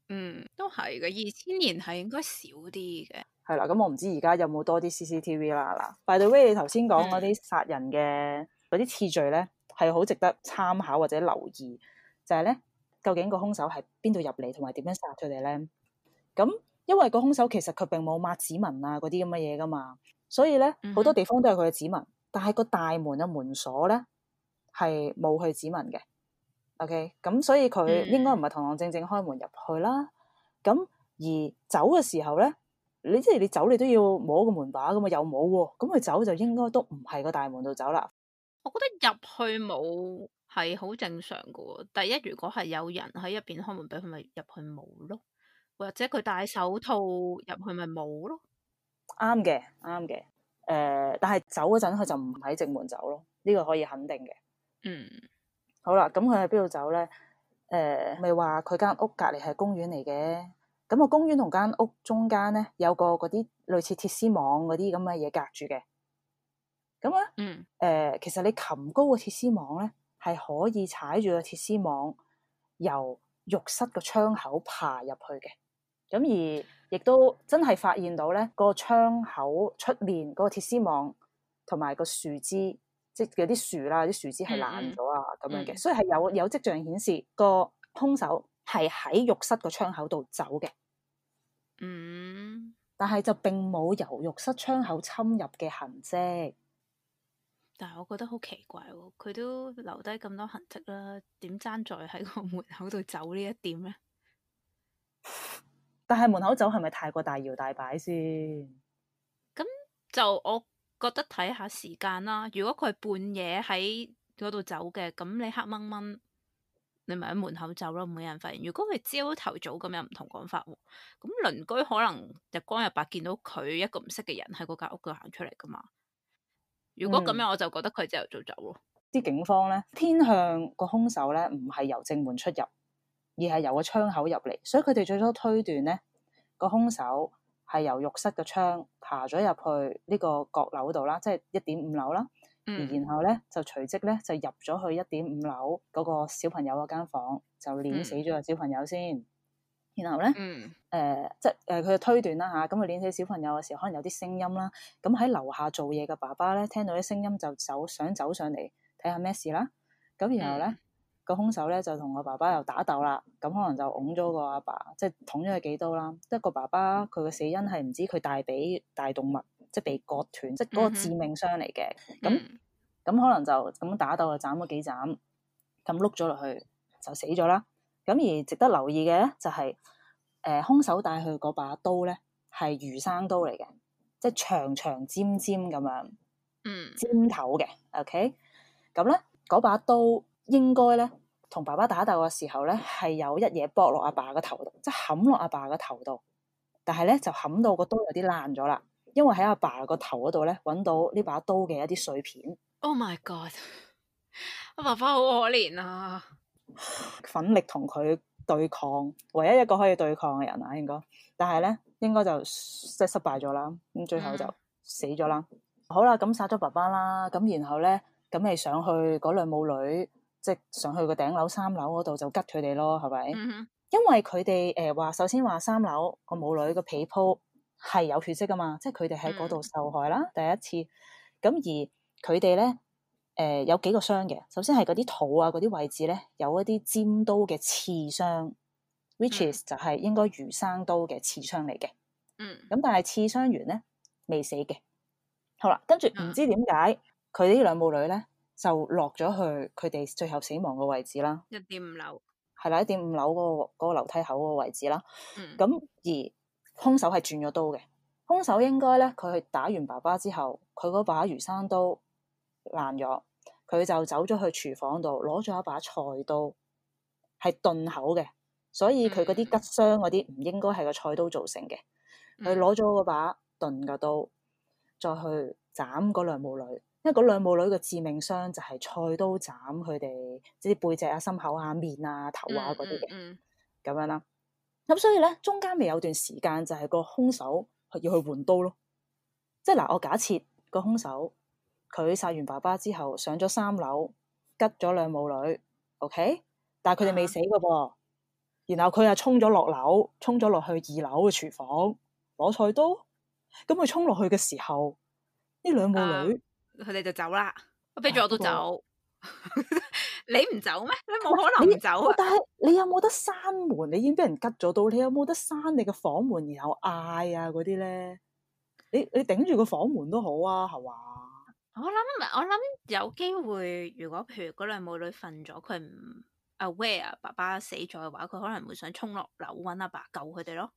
嗯，都係嘅，二千年係應該少啲嘅。係啦，咁我唔知而家有冇多啲 CCTV 啦嗱。By the way，你頭先講嗰啲殺人嘅嗰啲次序咧，係好值得參考或者留意。就係咧，究竟個兇手係邊度入嚟，同埋點樣殺佢哋咧？咁因為個兇手其實佢並冇抹指紋啊，嗰啲咁嘅嘢噶嘛，所以咧，好多地方都有佢嘅指紋，嗯、哼但係個大門嘅門鎖咧係冇佢指紋嘅。OK，咁所以佢應該唔係堂堂正正開門入去啦。咁而走嘅時候咧。你即係你走，你都要摸個門把噶嘛，又冇喎、啊，咁佢走就應該都唔係個大門度走啦。我覺得入去冇係好正常噶喎、哦。第一，如果係有人喺入邊開門俾佢，咪入去冇咯；或者佢戴手套入去咪冇咯。啱嘅，啱嘅。誒、呃，但係走嗰陣佢就唔喺正門走咯，呢、這個可以肯定嘅。嗯，好啦，咁佢喺邊度走咧？誒，咪話佢間屋隔籬係公園嚟嘅。咁個公園同間屋中間咧，有個嗰啲類似鐵絲網嗰啲咁嘅嘢隔住嘅。咁咧，誒、嗯呃，其實你擒高個鐵絲網咧，係可以踩住個鐵絲網由浴室個窗口爬入去嘅。咁而亦都真係發現到咧個窗口出面嗰個鐵絲網同埋個樹枝，即係有啲樹啦，啲樹枝係爛咗啊咁樣嘅，所以係有有跡象顯示個兇手係喺浴室個窗口度走嘅，嗯，但係就並冇由浴室窗口侵入嘅痕跡。但係我覺得好奇怪喎、哦，佢都留低咁多痕迹啦，點爭在喺個門口度走呢一點咧？ 但係門口走係咪太過大搖大擺先？咁就我覺得睇下時間啦。如果佢係半夜喺嗰度走嘅，咁你黑掹掹，你咪喺門口走咯，冇人發現。如果佢朝頭早咁樣，有唔同講法，咁鄰居可能日光日白見到佢一個唔識嘅人喺個間屋度行出嚟噶嘛。如果咁樣，嗯、我就覺得佢朝頭早走咯。啲警方咧偏向個兇手咧，唔係由正門出入，而係由個窗口入嚟，所以佢哋最初推斷咧，個兇手係由浴室嘅窗爬咗入去呢個閣樓度啦，即係一點五樓啦。然後咧就隨即咧就入咗去一點五樓嗰個小朋友嗰間房間，就碾死咗個小朋友先。然後咧，誒、嗯呃、即係誒佢嘅推斷啦嚇，咁佢碾死小朋友嘅時候，可能有啲聲音啦。咁喺樓下做嘢嘅爸爸咧，聽到啲聲音就走，想走上嚟睇下咩事啦。咁然後咧個兇手咧就同個爸爸又打鬥啦，咁可能就㧬咗個阿爸，爸，即係捅咗佢幾刀啦。即、那、係個爸爸佢嘅死因係唔知佢大髀大動脈。即係被割斷，即係嗰個致命傷嚟嘅。咁咁、mm hmm. 可能就咁打鬥啊，斬咗幾斬，咁碌咗落去就死咗啦。咁而值得留意嘅咧，就係誒兇手帶去嗰把刀咧係魚生刀嚟嘅，即係長長尖尖咁樣，嗯、mm，hmm. 尖頭嘅。OK，咁咧嗰把刀應該咧同爸爸打鬥嘅時候咧係有一嘢剝落阿爸嘅頭度，即係冚落阿爸嘅頭度，但係咧就冚到個刀有啲爛咗啦。因為喺阿爸個頭嗰度咧，揾到呢把刀嘅一啲碎片。Oh my god！阿爸爸好可憐啊，奮力同佢對抗，唯一一個可以對抗嘅人啊，應該。但係咧，應該就即係失敗咗啦。咁最後就死咗啦。 好啦，咁殺咗爸爸啦，咁然後咧，咁咪上去嗰兩母女，即係上去個頂樓三樓嗰度就吉佢哋咯，係咪、mm？Hmm. 因為佢哋誒話，首先話三樓個母女個被鋪。係有血跡噶嘛？即係佢哋喺嗰度受害啦，嗯、第一次。咁而佢哋咧，誒、呃，有幾個傷嘅。首先係嗰啲肚啊，嗰啲位置咧，有一啲尖刀嘅刺傷，嗯，which is 就係應該魚生刀嘅刺傷嚟嘅。嗯。咁但係刺傷完咧，未死嘅。好啦，跟住唔知點解佢呢兩母女咧，就落咗去佢哋最後死亡嘅位置啦。一點五樓。係啦，一點五樓嗰個嗰、嗰個樓梯口嗰個位置啦。嗯。咁而、嗯嗯兇手係轉咗刀嘅，兇手應該咧，佢去打完爸爸之後，佢嗰把魚生刀爛咗，佢就走咗去廚房度攞咗一把菜刀，係鈍口嘅，所以佢嗰啲吉傷嗰啲唔應該係個菜刀造成嘅，佢攞咗嗰把鈍嘅刀再去斬嗰兩母女，因為嗰兩母女嘅致命傷就係菜刀斬佢哋即係背脊啊、心口啊、面啊、頭啊嗰啲嘅，咁樣啦。咁、嗯、所以咧，中間咪有段時間就係、係、個兇手要去換刀咯。即係嗱，我假設個兇手佢殺完爸爸之後，上咗三樓，吉咗兩母女，OK，但係佢哋未死㗎噃。然後佢又衝咗落樓，衝咗落去二樓嘅廚房攞菜刀。咁佢衝落去嘅時候，呢兩母女佢哋、啊、就走啦，畀咗我都走。 你唔走咩？你冇可能走、啊。但係你有冇得閂門？你已經俾人拮咗到，你有冇得閂你，房、啊、你，你個房門然後嗌啊嗰啲咧？你你頂住個房門都好啊，係嘛？我諗我諗有機會，如果譬如嗰兩母女瞓咗，佢唔 Aware 爸爸死咗嘅話，佢可能會想衝落樓揾阿爸，爸救佢哋咯。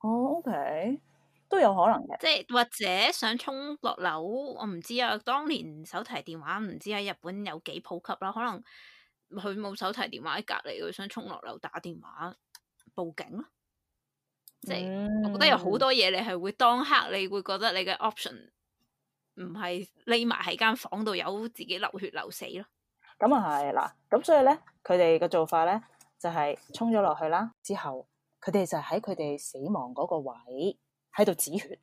哦、oh，OK。都有可能嘅，即係或者想衝落樓，我唔知啊。當年手提電話唔知喺日本有幾普及啦，可能佢冇手提電話喺隔籬，佢想衝落樓打電話報警咯。即係我覺得有好多嘢，你係會當刻你會覺得你嘅 option 唔係匿埋喺間房度，有自己流血流死咯。咁啊係啦，咁所以咧，佢哋嘅做法咧就係衝咗落去啦。之後佢哋就喺佢哋死亡嗰個位。喺度止血，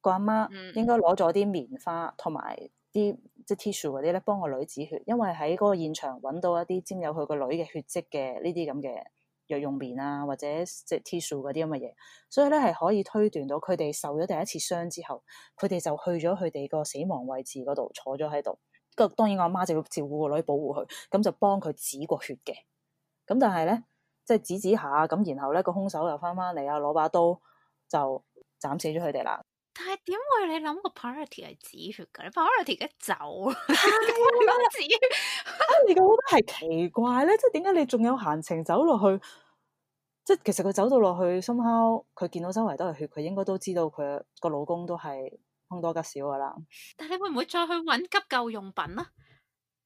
個阿媽應該攞咗啲棉花同埋啲即係 tissue 嗰啲咧，幫個女止血。因為喺嗰個現場揾到一啲沾有佢個女嘅血跡嘅呢啲咁嘅藥用棉啊，或者即係 tissue 嗰啲咁嘅嘢，所以咧係可以推斷到佢哋受咗第一次傷之後，佢哋就去咗佢哋個死亡位置嗰度坐咗喺度。咁當然，我阿媽就要照顧個女，保護佢，咁就幫佢止個血嘅。咁但係咧，即係指指下咁，然後咧個兇手又翻翻嚟啊，攞把刀就，斬死咗佢哋啦！但係點會你諗個 priority 係止血噶？你 priority 而家走，太唔止。而家我覺得係奇怪咧，即係點解你仲有閒情走落去？即係其實佢走到落去，somehow 佢見到周圍都係血，佢應該都知道佢個老公都係凶多吉少噶啦。但係你會唔會再去揾急救用品啊？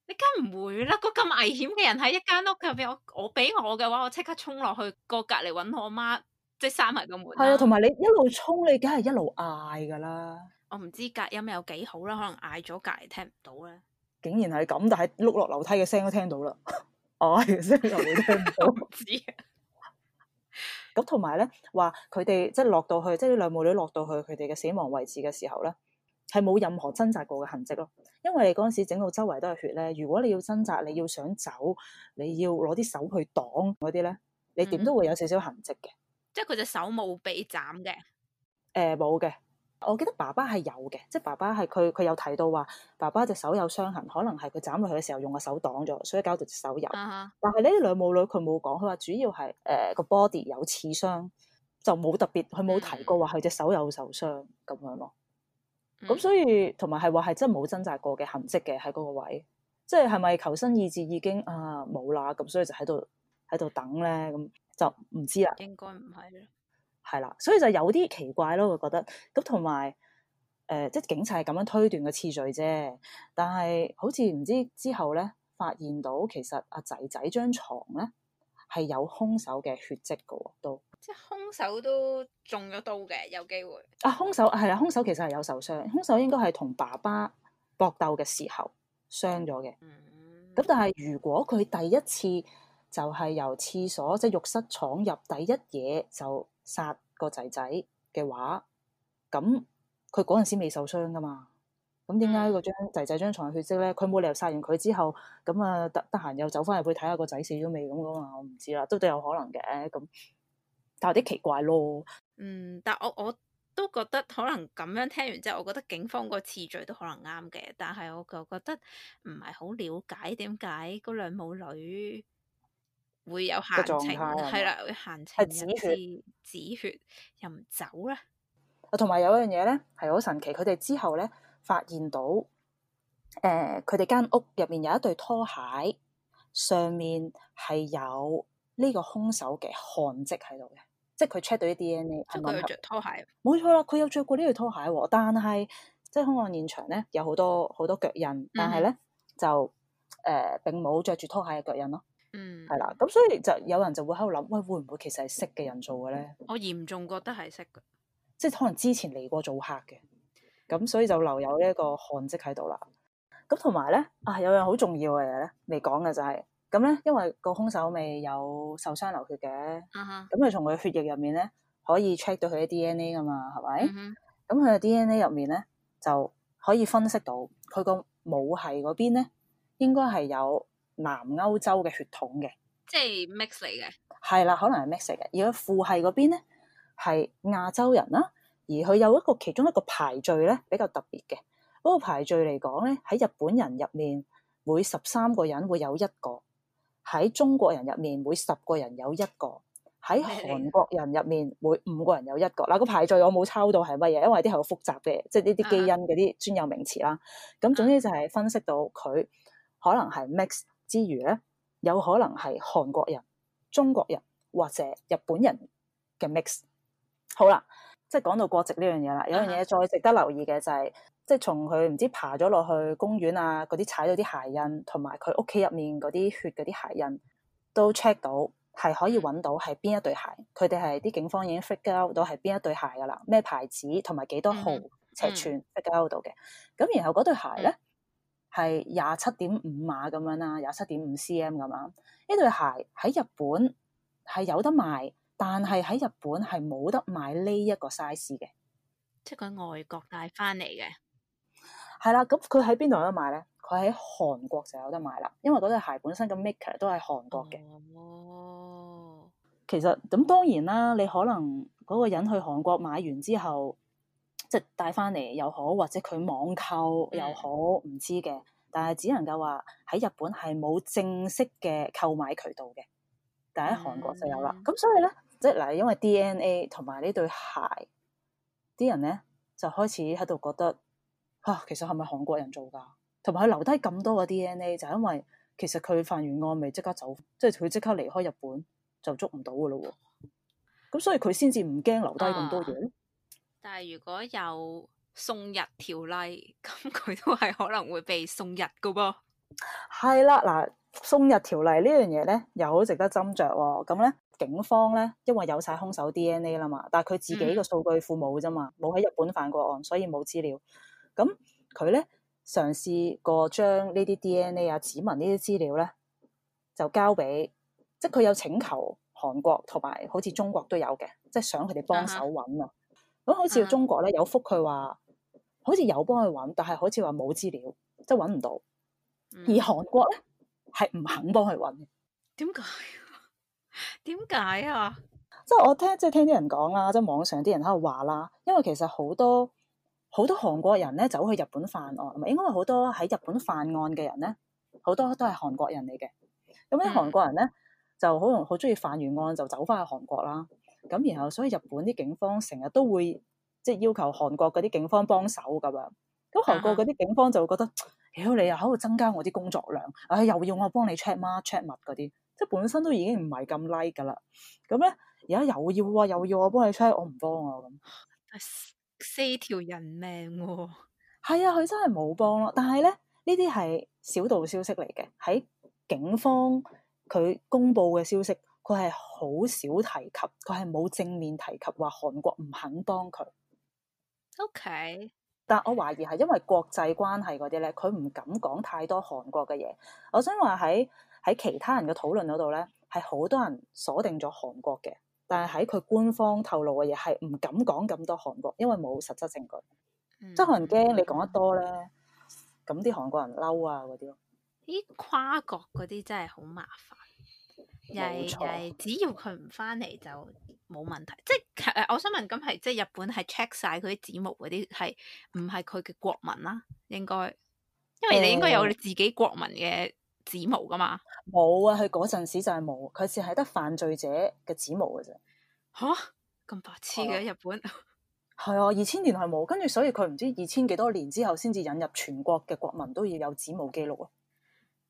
你梗唔會啦！個咁危險嘅人喺一間屋入邊，我我俾我嘅話，我即刻衝落去過隔籬揾我媽。即係閂埋個門。係啊，同埋你一路衝，你梗係一路嗌噶啦。我唔知隔音有幾好啦，可能嗌咗隔籬，聽唔到咧。竟然係咁，但係碌落樓梯嘅聲都聽到啦。嗌嘅聲又聽唔到、， 哦、到。唔 知咁同埋咧，話佢哋即係落到去，即係呢兩母女落到去佢哋嘅死亡位置嘅時候咧，係冇任何掙扎過嘅痕跡咯。因為嗰陣時整到周圍都係血咧，如果你要掙扎，你要想走，你要攞啲手去擋嗰啲咧，你點都會有少少痕跡嘅。嗯即係佢隻手冇俾斬嘅？誒冇嘅。我記得爸爸係有嘅，即係爸爸係佢佢有提到話，爸爸隻手有傷痕，可能係佢斬落去嘅時候用個手擋咗，所以搞到隻手有。Uh huh. 但係呢兩母女佢冇講，佢話主要係誒、呃、個 body 有刺傷，就冇特別，佢冇提過話佢隻手有受傷咁樣咯。咁所以同埋係話係真係冇掙扎過嘅痕跡嘅喺嗰個位，即係係咪求生意志已經啊冇啦？咁所以就喺度喺度等咧咁。嗯就唔知啦，應該唔係啦，係啦，所以就有啲奇怪咯，我覺得咁同埋誒，即係警察係咁樣推斷嘅次序啫。但係好似唔知之後咧，發現到其實阿仔仔張床咧係有兇手嘅血跡㗎喎，都即係兇手都中咗刀嘅，有機會、就係、啊！兇手係啊！兇手其實係有受傷，兇手應該係同爸爸搏鬥嘅時候傷咗嘅。咁、嗯、但係如果佢第一次。就係由廁所即係、就是、浴室闖入第一嘢就殺個仔仔嘅話，咁佢嗰陣時未受傷噶嘛？咁點解個張仔仔張床血跡咧？佢冇理由殺完佢之後，咁啊得得閒又走返入去睇下個仔死咗未咁噶嘛？我唔知啦，都都有可能嘅咁，但有啲奇怪咯。嗯，但我我都覺得可能咁樣聽完之後，我覺得警方個次序都可能啱嘅，但係我就覺得唔係好了解點解嗰兩母女。會有閒情，係啦，的會閒情，是止血，又唔走咧。啊，同埋有一樣嘢咧，係好神奇。佢哋之後咧發現到，誒、呃，佢哋間屋入面有一對拖鞋，上面係有呢個兇手嘅汗跡喺度嘅，即係佢 check 到啲 DNA 係咪着拖鞋，冇錯啦，佢有着過呢對拖鞋，但係即係兇案現場咧有好多好多腳印，但係咧、嗯、就誒、呃、並冇着住拖鞋嘅腳印咯。嗯，係啦，咁所以就有人就會喺度諗，喂，會唔會其實係識嘅人做嘅咧？我嚴重覺得係識嘅，即係可能之前嚟過做客嘅，咁所以就留有呢一個汗跡喺度啦。咁同埋咧，啊，有樣好重要嘅嘢咧，未講嘅就係、是，咁咧，因為個凶手未有受傷流血嘅，咁佢從佢血液入面咧，可以 check 到佢嘅 DNA 噶嘛，係咪？咁佢嘅 DNA 入面咧，就可以分析到佢個母系嗰邊咧，應該係有，南歐洲嘅血統嘅，即係 mix 嚟嘅，係啦，可能係 mix 嚟嘅。而佢父系嗰邊咧係亞洲人啦，啊，而佢有一個其中一個排序咧比較特別嘅嗰，嗰個排序嚟講咧，喺日本人入面每十三個人會有一個，喺中國人入面每十個人有一個，喺韓國人入面每五個人有一個。嗱、嗰個排序我冇抽到係乜嘢，因為啲係好複雜嘅，即係呢啲基因嗰啲專有名詞啦。咁總之就係分析到佢可能係 mix。之餘咧，有可能係韓國人、中國人或者日本人嘅 mix。好啦，即係講到國籍呢樣嘢啦。有樣嘢再值得留意嘅就係、是，即係從佢唔知爬咗落去公園啊，嗰啲踩到啲鞋印，同埋佢屋企入面嗰啲血嗰啲鞋印，都 check 到係可以揾到係邊一對鞋。佢哋係啲警方已經 figure out 到係邊一對鞋噶啦，咩牌子同埋幾多號尺寸 figure out 到嘅。咁、mm hmm. 然後嗰對鞋咧。係廿七點五碼咁樣啦，廿七點五 cm 咁樣。呢對鞋喺日本係有得賣，但係喺日本係冇得買呢一個 size 嘅。即係佢喺外國帶翻嚟嘅。係啦，咁佢喺邊度有得買咧？佢喺韓國就有得買啦，因為嗰對鞋本身嘅 maker 都係韓國嘅。哦，其實咁當然啦，你可能嗰個人去韓國買完之後。帶翻嚟又好，或者佢網購又好，唔知嘅。但係只能夠話喺日本係冇正式嘅購買渠道嘅，但喺韓國就有啦。咁、mm hmm. 所以咧，即係嗱，因為 DNA 同埋呢對鞋，啲人咧就開始喺度覺得吓、啊，其實係咪韓國人做噶同埋佢留低咁多嘅 DNA，就係因為其實佢犯完案未即刻走，即係佢即刻離開日本就捉唔到噶啦。咁所以佢先至唔驚留低咁多嘢。Uh huh. 但係如果有送日條例，咁佢都係可能會被送日噶噃。係啦，嗱，送日條例呢樣嘢咧又好值得斟酌、哦。咁、嗯、咧，警方咧因為有晒兇手 D N A 啦嘛，但係佢自己個數據庫冇啫嘛，冇喺日本犯過案，所以冇資料。咁佢咧嘗試過將呢啲 D N A 啊指紋呢啲資料咧，就交俾，即係佢有請求韓國同埋好似中國都有嘅，即係想佢哋幫手揾啊。Uh huh. 咁好似中國咧有覆佢話，好似有幫佢揾，但係好似話冇資料，即係揾唔到。嗯、而韓國咧係唔肯幫佢揾。點解？點解啊？即係我聽，即係聽啲人講啦，即係網上啲人喺度話啦。因為其實好多好多韓國人咧走去日本犯案啊嘛，應該好多喺日本犯案嘅人咧，好多都係韓國人嚟嘅。咁啲韓國人咧就好容好中意犯完案就走翻去韓國啦。咁然後，所以日本啲警方成日都會即係要求韓國嗰啲警方幫手咁樣。咁韓國嗰啲警方就會覺得，屌、啊哎、你又喺度增加我啲工作量，唉又要我幫你 check 嗎 check 物嗰啲，即係本身都已經唔係咁 like 噶啦。咁咧而家又要喎，又要我幫你 check，like 嗯啊、我唔幫，幫啊咁。四條人命喎、哦。係啊，佢真係冇幫咯。但係咧，呢啲係小道消息嚟嘅，喺警方佢公布嘅消息。佢係好少提及，佢係冇正面提及話韓國唔肯幫佢。OK，但我懷疑係因為國際關係嗰啲咧，佢唔敢講太多韓國嘅嘢。我想話喺喺其他人嘅討論嗰度咧，係好多人鎖定咗韓國嘅，但係喺佢官方透露嘅嘢係唔敢講咁多韓國，因為冇實質證據。嗯、即係可能驚你講得多咧，咁啲韓國人嬲啊嗰啲咯。啲、嗯嗯、跨國嗰啲真係好麻煩。係係，没只要佢唔翻嚟就冇問題。即係、呃，我想問，咁係即係日本係 check 晒佢啲指模嗰啲，係唔係佢嘅國民啦？應該，因為你應該有你自己國民嘅指模噶嘛。冇、嗯、啊，佢嗰陣時就係冇，佢只係得犯罪者嘅指模嘅啫。吓、啊，咁白痴嘅、啊、日本？係啊，二千、 啊、年係冇，跟住所以佢唔知二千幾多年之後先至引入全國嘅國民都要有指模記錄啊。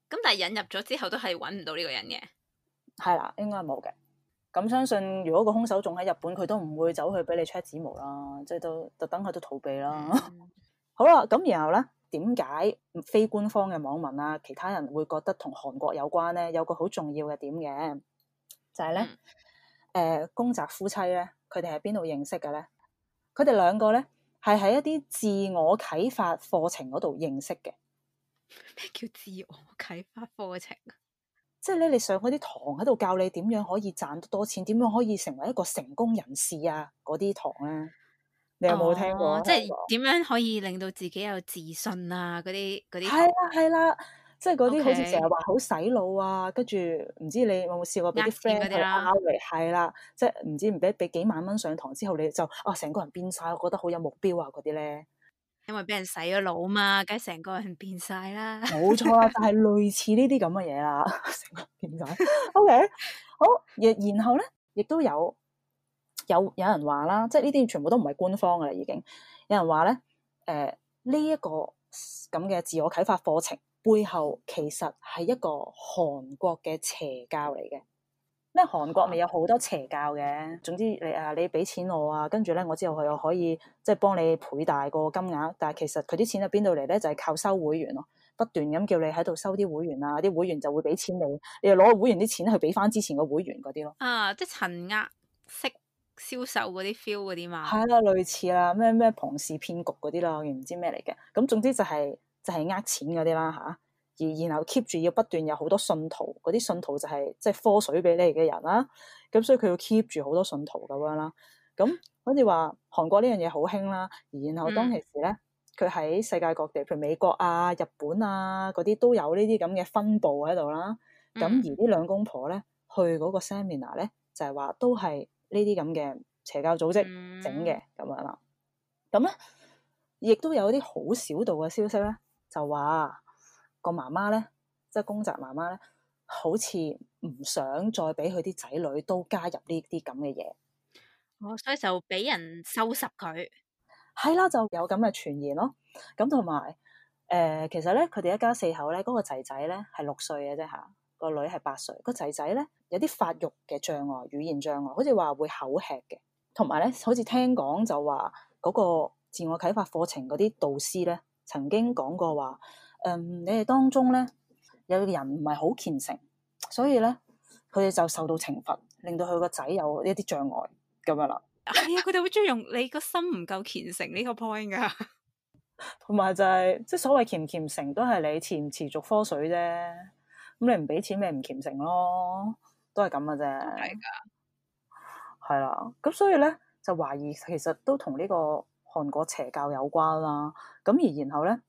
咁、嗯、但係引入咗之後都係揾唔到呢個人嘅。係啦，應該冇嘅。咁相信如果個兇手仲喺日本，佢都唔會走去俾你 check 指紋啦，即係都特登喺度逃避啦。嗯、 好啦，咁然後咧，點解非官方嘅網民啊，其他人會覺得同韓國有關咧？有個好重要嘅點嘅，就係、是、咧，誒、嗯呃，宮澤夫妻咧，佢哋喺邊度認識嘅咧？佢哋兩個咧係喺一啲自我啟發課程嗰度認識嘅。咩叫自我啟發課程？即係咧，你上嗰啲堂喺度教你點樣可以賺多錢，點樣可以成為一個成功人士啊？嗰啲堂咧，啊，你有冇聽過？哦，即係點樣可以令到自己有自信啊？嗰啲嗰啲係啦係啦，即係嗰啲好似成日話好洗腦啊。跟住唔知你有冇試過俾啲 friend 去呃嚟？係啦，即係唔知唔俾俾幾萬蚊上堂之後，你就啊成個人變晒，我覺得好有目標啊嗰啲咧。因為俾人洗咗腦嘛，梗係成個人變晒啦。冇錯啊， 但係類似呢啲咁嘅嘢啦，成個變晒。OK，好，亦然後咧，亦都有有有人話啦，即係呢啲全部都唔係官方嘅啦，已經有人話咧，誒呢一個咁嘅自我啟發課程背後其實係一個韓國嘅邪教嚟嘅。咩？韓國咪有好多邪教嘅，總之你啊，你俾錢我啊，跟住咧，我之後佢又可以即係、就是、幫你倍大個金額，但係其實佢啲錢喺邊度嚟咧，就係、是、靠收會員咯，不斷咁叫你喺度收啲會員啊，啲會員就會俾錢你，你又攞個會員啲錢去俾翻之前個會員嗰啲咯。啊，即係層壓式銷售嗰啲 feel 嗰啲嘛，係啦、啊，類似啦，咩咩龐氏騙局嗰啲啦，亦唔知咩嚟嘅，咁總之就係、是、就係、是、呃錢嗰啲啦吓。而然後 keep 住要不斷有好多信徒，嗰啲信徒就係、是、即係科水俾你嘅人啦、啊。咁所以佢要 keep 住好多信徒咁樣、啊、啦。咁好似話韓國呢樣嘢好興啦。然後當其時咧，佢喺世界各地，譬如美國啊、日本啊嗰啲都有呢啲咁嘅分部喺度啦。咁、嗯、而兩呢兩公婆咧去嗰個 seminar 咧，就係、是、話都係呢啲咁嘅邪教組織整嘅咁樣啦、啊。咁咧亦都有啲好小道嘅消息咧，就話。個媽媽咧，即係公宅媽媽咧，好似唔想再俾佢啲仔女都加入呢啲咁嘅嘢。哦，所以就俾人收拾佢係啦，就有咁嘅傳言咯。咁同埋誒，其實咧，佢哋一家四口咧，嗰個仔仔咧係六歲嘅啫嚇，個女係八歲。個仔仔咧有啲發育嘅障礙，語言障礙，好似話會口吃嘅。同埋咧，好似聽講就話嗰個自我啟發課程嗰啲導師咧，曾經講過話。嗯，um, 你哋當中咧有人唔係好虔誠，所以咧佢哋就受到懲罰，令到佢個仔有一啲障礙咁樣啦。係啊、 哎，佢哋會中意用你個心唔夠虔誠呢、這個 point 噶、啊。同埋就係即係所謂虔唔虔誠都係你持唔持續科水啫。咁你唔俾錢咪唔虔誠咯，都係咁嘅啫。係㗎的，係啦。咁所以咧就懷疑其實都同呢個韓國邪教有關啦。咁而然後咧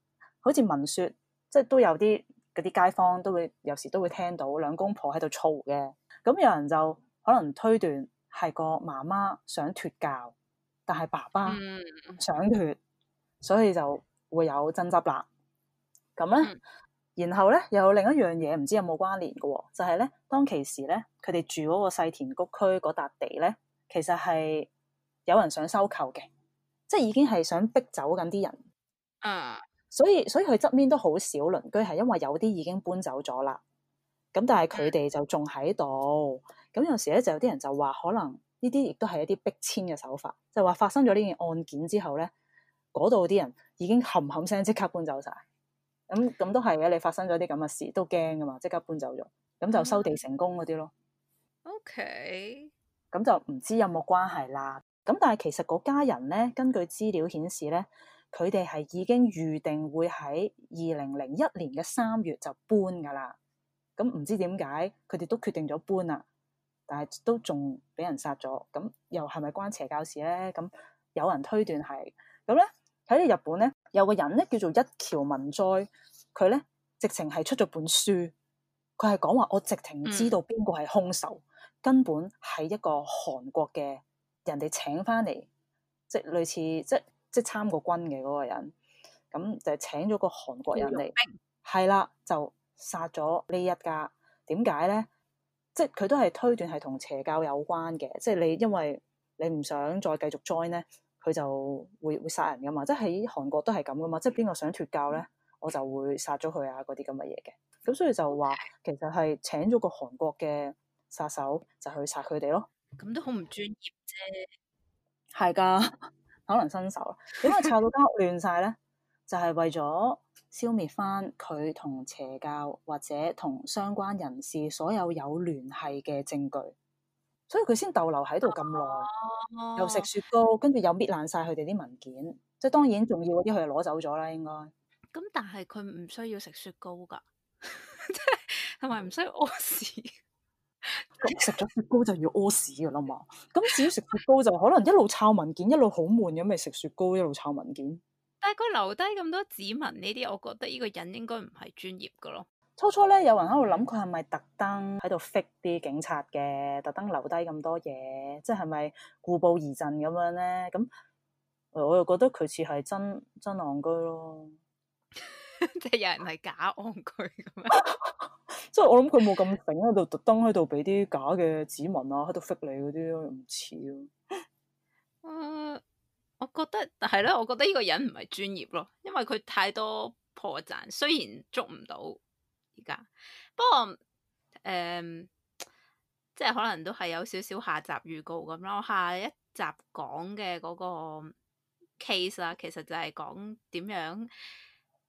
好似文説。即係都有啲啲街坊都會有時都會聽到兩公婆喺度嘈嘅，咁有人就可能推斷係個媽媽想脱教，但係爸爸想脱，所以就會有爭執啦。咁咧，然後咧又有另一樣嘢唔知有冇關聯嘅，就係咧當其時咧佢哋住嗰個世田谷區嗰笪地咧，其實係有人想收購嘅，即係已經係想逼走緊啲人啊。Uh. 所以所以佢側面都好少鄰居，係因為有啲已經搬走咗啦。咁但係佢哋就仲喺度。咁有時咧，就有啲人就話，可能呢啲亦都係一啲逼遷嘅手法，就話、是、發生咗呢件案件之後咧，嗰度啲人已經冚冚聲即刻搬走晒。咁咁都係嘅，你發生咗啲咁嘅事都驚噶嘛，即刻搬走咗，咁就收地成功嗰啲咯。OK，咁就唔知有冇關係啦。咁但係其實嗰家人咧，根據資料顯示咧。佢哋係已經預定會喺二零零一年嘅三月就搬噶啦，咁、嗯、唔知點解佢哋都決定咗搬啦，但係都仲俾人殺咗，咁、嗯、又係咪關邪教事咧？咁、嗯、有人推斷係，咁咧喺日本咧有個人咧叫做一橋文哉，佢咧直情係出咗本書，佢係講話，我直情知道邊個係兇手，根本係一個韓國嘅人哋請翻嚟，即係類似即係。即即係參過軍嘅嗰個人，咁就請咗個韓國人嚟，係啦，就殺咗呢一家。點解咧？即係佢都係推斷係同邪教有關嘅。即係你因為你唔想再繼續 join 咧，佢就會會殺人噶嘛。即係喺韓國都係咁噶嘛。即係邊個想脫教咧，我就會殺咗佢啊。嗰啲咁嘅嘢嘅。咁所以就話其實係請咗個韓國嘅殺手就去殺佢哋咯。咁都好唔專業啫。係噶。可能新手啦，點解炒到間屋亂晒咧？ 就係為咗消滅翻佢同邪教或者同相關人士所有有聯繫嘅證據，所以佢先逗留喺度咁耐，啊啊、又食雪糕，跟住又搣爛晒佢哋啲文件，即係當然重要嗰啲佢就攞走咗啦，應該。咁但係佢唔需要食雪糕㗎，即係同埋唔需要屙屎。食咗 雪糕就要屙屎噶啦嘛，咁至於食雪糕就可能一路抄文件，一路好悶咁，咪食雪糕一路抄文件。但係佢留低咁多指紋呢啲，我覺得呢個人應該唔係專業噶咯。初初咧，有人喺度諗佢係咪特登喺度 fit 啲警察嘅，特登留低咁多嘢，即係咪故佈疑陣咁樣咧？咁我又覺得佢似係真真戇居咯。 即係有人係假戇居咁樣， 即係我諗佢冇咁頂喺度，特登喺度俾啲假嘅指紋啊，喺度識你嗰啲咯，唔似咯。我覺得係咧，我覺得呢個人唔係專業咯，因為佢太多破綻。雖然捉唔到而家，不過誒、呃，即係可能都係有少少下集預告咁咯。我下一集講嘅嗰個 case 啊，其實就係講點樣。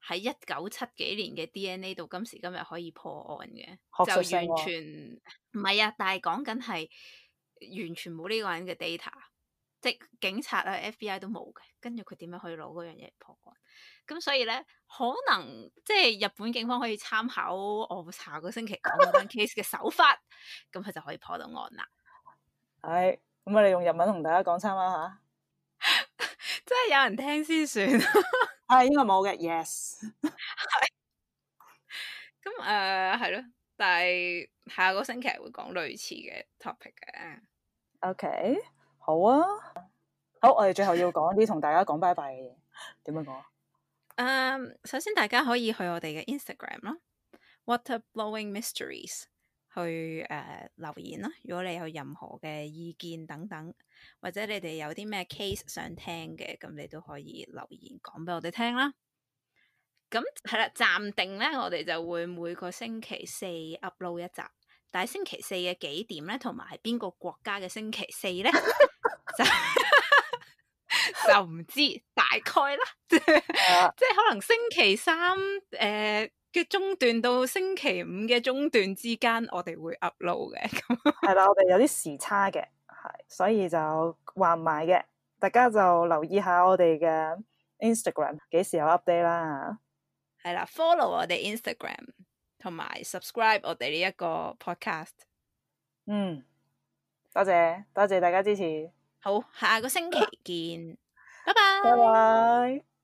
喺一九七幾年嘅 DNA 到今時今日可以破案嘅，啊、就完全唔係啊！但係講緊係完全冇呢個人嘅 data，即係警察啊、FBI 都冇嘅。跟住佢點樣可以攞嗰樣嘢嚟破案？咁所以咧，可能即係日本警方可以參考我下個星期講嗰單 case 嘅手法，咁佢 就可以破到案啦。係、哎，咁我哋用日文同大家講參考下，真係 有人聽先算。 係應該冇嘅，yes。係、哎，咁誒，係咯，但係下個星期會講類似嘅 topic 嘅。OK，好啊，好、嗯，我哋最後要講啲同大家講拜拜嘅嘢，點樣講啊？首先大家可以去我哋嘅 Instagram 啦，Water Blowing Mysteries。去誒、呃、留言啦。如果你有任何嘅意見等等，或者你哋有啲咩 case 想聽嘅，咁你都可以留言講俾我哋聽啦。咁係啦，暫定咧，我哋就會每個星期四 upload 一集。但係星期四嘅幾點咧，同埋邊個國家嘅星期四咧， 就 就唔知 大概啦。即係即係可能星期三誒。呃嘅中段到星期五嘅中段之間，我哋會 upload 嘅，咁，係啦，我哋有啲時差嘅，係，所以就話唔埋嘅，大家就留意下我哋嘅 Instagram 幾時有 update 啦，係啦，follow 我哋 Instagram 同埋 subscribe 我哋呢一個 podcast，嗯，多謝多謝大家支持，好，下個星期見，拜拜 bye，拜拜。